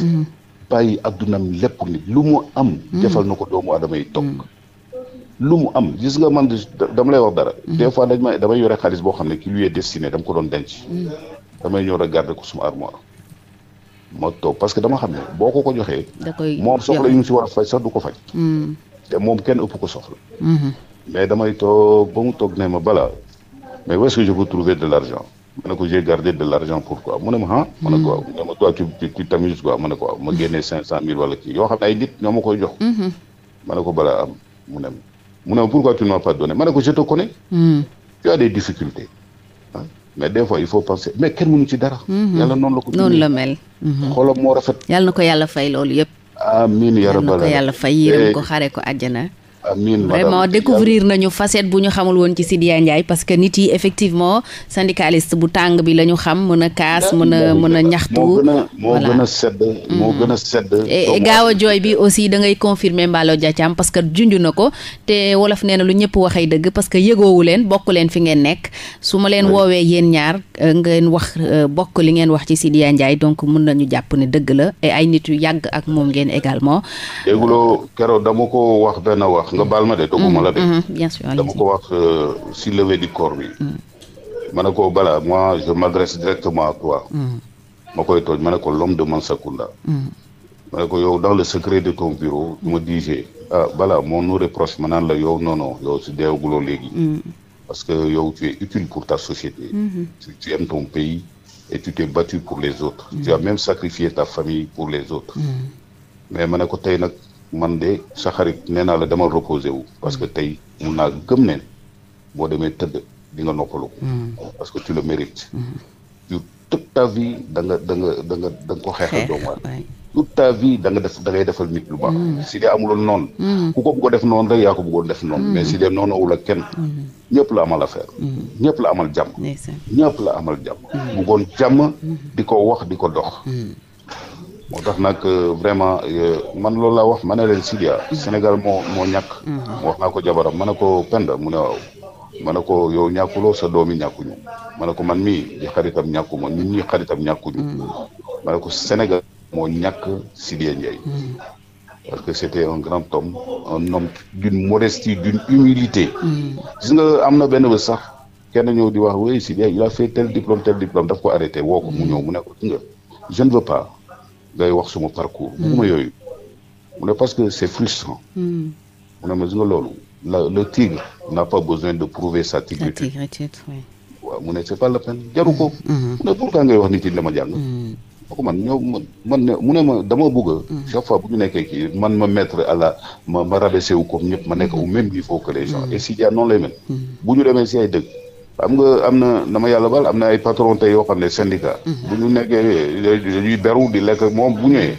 [SPEAKER 4] bàyyi addunam lépp nit lu mu am defal na ko doomu aadama yi toog lu mu am gis nga man dama lay wax dara. Mhm. des fois dañ may damay yore xaalis boo xam ne ki lui est destiné dama ko doon denc. Mhm. damay ñëw rek garder ko suma armoire. ma toog parce que dama xam ne boo ko ko joxee.
[SPEAKER 3] da koy moom soxla yu
[SPEAKER 4] mu si war a faj ko faj. Mhm. te moom kenn ëpp ko soxla. mais damay toog ba mu toog ne ma balaa. mais où est-ce que je trouver de l'argent ma ne ko j'ai gardé de l'argent pourquoi mu ne ma ah? ma ne ko waaw mu ne ma ne ko waaw ma génnee cinq cent mille wala kii yoo xam ne ay nit ñoo ma koy jox. ma ne ko balaa am mu ne mu ne ma pourquoi tu ne m'as pas donné ma ne ko je te connais. Hmm. tu a des difficultés. mais des fois il faut penser mais
[SPEAKER 1] kenn mënu ci dara. Hmm. yàlla noonu la ko. noonu la mel. Hmm. xolam moo rafet. yàlla na ko yàlla fay loolu yëpp.
[SPEAKER 4] amiin yàlla na ko yàlla fay yërëm ko eh.
[SPEAKER 1] xaaree ko àjjana.
[SPEAKER 4] amiin vraiment
[SPEAKER 1] découvrir nañu facette bu ñu xamul woon ci Sidya Ndiaye parce que nit yi effectivement syndicaliste bu tàng bi la ñu xam mën a kaas mën a mën a ñaxtu. voilà
[SPEAKER 4] moo gën a sedd moo gën a mm. gaaw
[SPEAKER 1] a jooy bi aussi da ngay confirmer Mballo Dia Thiam parce que junj na ko te wolof nee na lu ñëpp waxee dëgg parce que yëgoowu leen bokk leen fi ngeen nekk su ma leen woowee yéen ñaar euh, ngeen wax euh, bokk li ngeen wax ci Sidya Ndiaye donc mun nañu jàpp ne dëgg la ay nit yu yàgg ak moom ngeen également.
[SPEAKER 4] dégguloo keroog dama ko wax nga baal ma de doguma la de. Mm-hmm. Mm-hmm. dama ko wax euh, si levée du corps bi. Mm-hmm. ma ne ko balaa je m'adresse directement à toi. ma koy tooñ ma ne ko l'homme de Mansakunda. ma ne ko yow dans le secret de ton bureau tu me disais ah balaa nu reproche ma naan la yow non non yow si deewaguloo léegi. parce que yow tu es utile pour ta société. tu tu ton pays. et tu t'es battu pour les autres. tu as même sacrifié ta famille pour les autres. mais ma ko tey nag. man de sa xarit nee naa la demal reposer wu parce que mm. tey mun naa gëm ne boo demee tëdd di nga noppalu mm. parce que tu le mérites yu mm. toute ta vie da nga da nga da ko xeexal doomu aadama da nga def da ngay defal nit lu baax si de amuloon noonu ku ko bëggoon def noonu rek yaa ko bëggoon def noonu mais si dee noonu awul ak kenn ñëpp la amal affaire ñëpp la amal jàmm ñëpp la amal jàmm bëggoon jàmm di ko wax di ko dox moo tax nag euh, vraiment euh, man loolu laa wax ma ne leen Sidia Sénégal moo moo ñàkk. mu mm-hmm. wax naa ko jabaram ma ne ko Penda mu ne waaw. ma ne ko yow ñàkkuloo sa doom yi ñàkkuñu ma ne ko man mii di xaritam ñàkkuma ñun ñii xaritam ñàkkuñu. Mm-hmm. ma ne ko Sénégal moo ñàkk Sidia Ndiaye. Mm-hmm. parce que c'était un grand homme un homme d'une modestie d'une humilité. si nga am na benn bés sax kenn ñëw di wax oui Sidia il a fait tel diplôme tel diplôme daf ko arrêté woo ko mu ñëw mu ne ko nga je ne veux pas. ngay wax suma parcours. bëgguma hmm. yooyu mu ne parce que c'est frustrant. mu ne ma gis nga loolu la le tigre n'a pas besoin de prouver sa tigritude. waaw mu ne c'est pas la peine jaru ko. Hmm. Hmm. mu ne pourquoi ngay wax nit yi dama jàng. boo man man mu ne ma dama bëgg chaque fois bu ñu nekkee kii man ma mettre à la ma ma rabaissé wu comme ñëpp ma nekk au même niveau que les gens. et Sidia noonu lay mel. bu ñu demee si ay dëkk xam nga am na dama yàlla bal am na ay patron tey yoo xam ne syndicat. Mhm. bu ñu nekkee dañuy beru di lekk moom bu ñëwee.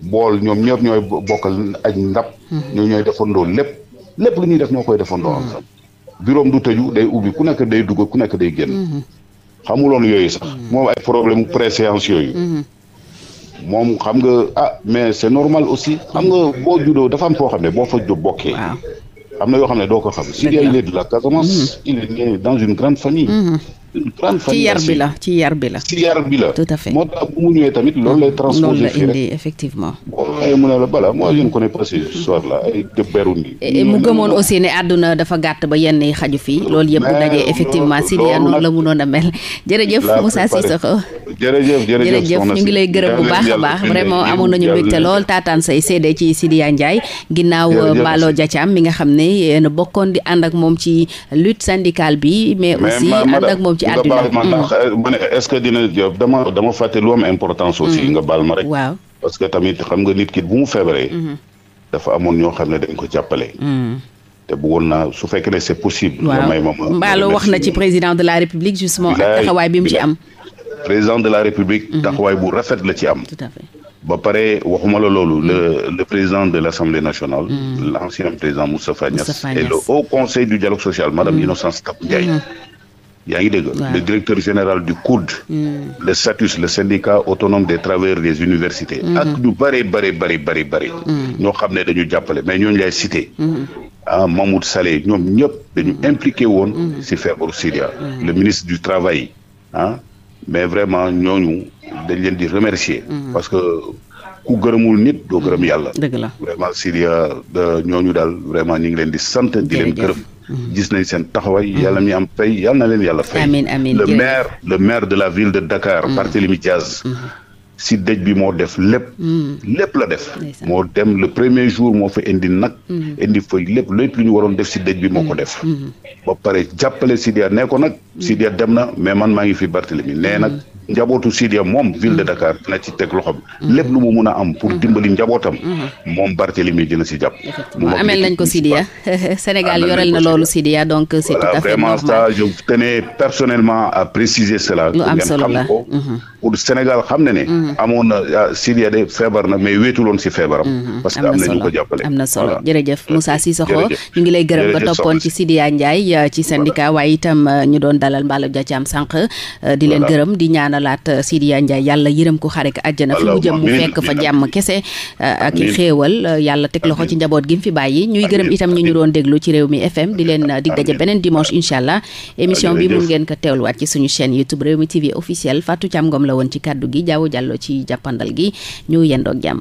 [SPEAKER 4] bool ñoom ñëpp ñooy bokkal ak ndab. Mhm. ñoo ñooy defandoo lépp. lépp lu ñuy def ñoo koy defandoo am mhm. sax. bureau du tëju day ubbi ku nekk day dugg ku nekk day génn. xamuloon yooyu sax. moom ay problème préséance yooyu. moom xam nga ah mais c'est normal aussi xam nga boo juddoo dafa am foo xam ne boo fa bokkee. am na yoo xam ne doo ko xam. s'il est de la Casamance. Mm-hmm. il est né dans une grande famille. Mm-hmm. trente familles ci yar bi la
[SPEAKER 1] ci yar bi la. ci
[SPEAKER 4] yar bi la. tout à fait moo tax bu mu loolu la indi effectivement. mu ne la balaa
[SPEAKER 1] gëmoon aussi ne àdduna dafa gàtt ba yenn yi xaju fii. loolu yëpp bu dajee effectivement si lii noonu la munoon a mel. jërëjëf Moussa Cissokho
[SPEAKER 4] jërëjëf jërëjëf ñu ngi lay gërëm bu baax a baax vraiment
[SPEAKER 1] amoon nañu mbégte lool taataan say seede ci Sidya Ndiaye ginnaaw euh, Mballo Dia Thiam mi nga xam ne yéen euh, bokkoon di ànd ak moom ci lutte syndicale bi mais aussi ànd ak moom ci àddina bi nga ma ndax mm.
[SPEAKER 4] euh, ma ne est-ce que dama dama fàtte lu am importance. aussi mm. nga baal ma rek. waaw parce que tamit xam nga nit ki bu mu feebaree. Mm-hmm. dafa amoon ñoo xam ne dañ ko jàppale. Mm. te bëggoon na su fekkee ne c'est possible. nga may wax na ci
[SPEAKER 1] président de la république
[SPEAKER 4] justement ak taxawaay bi mu ci am. président de la république. Mm-hmm. taxawaay bu rafet la ci am. tout à fait. ba pare waxuma la loolu le le président de l'Assemblée nationale. Mm. l'ancien président Moustapha Niasse. et le haut conseil du dialogue social madame mm. Innocence Ntap Ndiaye. yaa ngi dégg le directeur général du COUD hmm. le SATUS le syndicat autonome des travailleurs des universités hmm. ak ñu bare bare bare bare bare hmm. ñoo xam ne dañu jàppale mais ñooñu lay cité ah Mahmoud Saleh ñoom ñëpp dañu impliqué woon si feebaru Syria le ministre du travail ah mais vraiment ñooñu dañ leen di remercier parce que ku gërëmul nit doo gërëm yàlla. dëgg la vraiment Syria ñooñu daal vraiment ñu ngi leen di sant di leen gërëm. Mhm. gis nañ seen taxawaay mhm. yàlla mi am fay yàlla na leen yàlla fay. amiin
[SPEAKER 1] amiin le maire
[SPEAKER 4] le maire de la ville de Dakar. Mhm. Barthélémy Diaz. si dëj bi moo def lépp. lépp la def. moo dem le premier jour moo fa indi nag. indi fay lépp lépp lu ñu waroon def si dëj bi moo ko def. ba pare jàppale Sidia ne ko nag. Sidia dem na mais man maa ngi fi Barthélémy nee nag. njabootu Sidia moom ville de Dakar dina ci teg loxoom. Mm-hmm. lépp lu mu mun a am pour mm-hmm. dimbali njabootam. Mm-hmm. moom Barthélemy dina si jàpp. effectivement amel nañ
[SPEAKER 1] ko Sidia Sénégal yorel na loolu Sidia donc c'est tout à fait normal. vraiment ça
[SPEAKER 4] je personnellement à préciser cela. lu am solo la ko. pour Sénégal xam ne ne. Mm-hmm. amoon na ah, Syria de feebar na mais wéetuloon si feebaram. Mm-hmm. parce que am na ñu ko jàppale. am na solo
[SPEAKER 1] jërëjëf Moussa Cissokho ñu ngi lay gërëm ba toppoon ci Sidiya Ndiaye euh, ci syndicat waaye itam euh, ñu doon dalal Mballo Dia Thiam sànq. Euh, di leen gërëm di ñaanalaat Sidiya Ndiaye yàlla yërëm ko xare ko àjjana fi mu jëm mu fekk fa jàmm kese. ak i xéewal yàlla teg loxo ci njaboot gi mu fi bàyyi. ñuy gërëm itam ñu ñu doon déglu ci réew mi FM di leen dig daje beneen dimanche incha allah émission bi mun ngeen ko teewluwaat ci suñu chaîne YouTube Rewmi TV officiel Fatou la woon ci kàddu gi jaaw jàlloo ci jàppandal gi ñu yendoog jàmm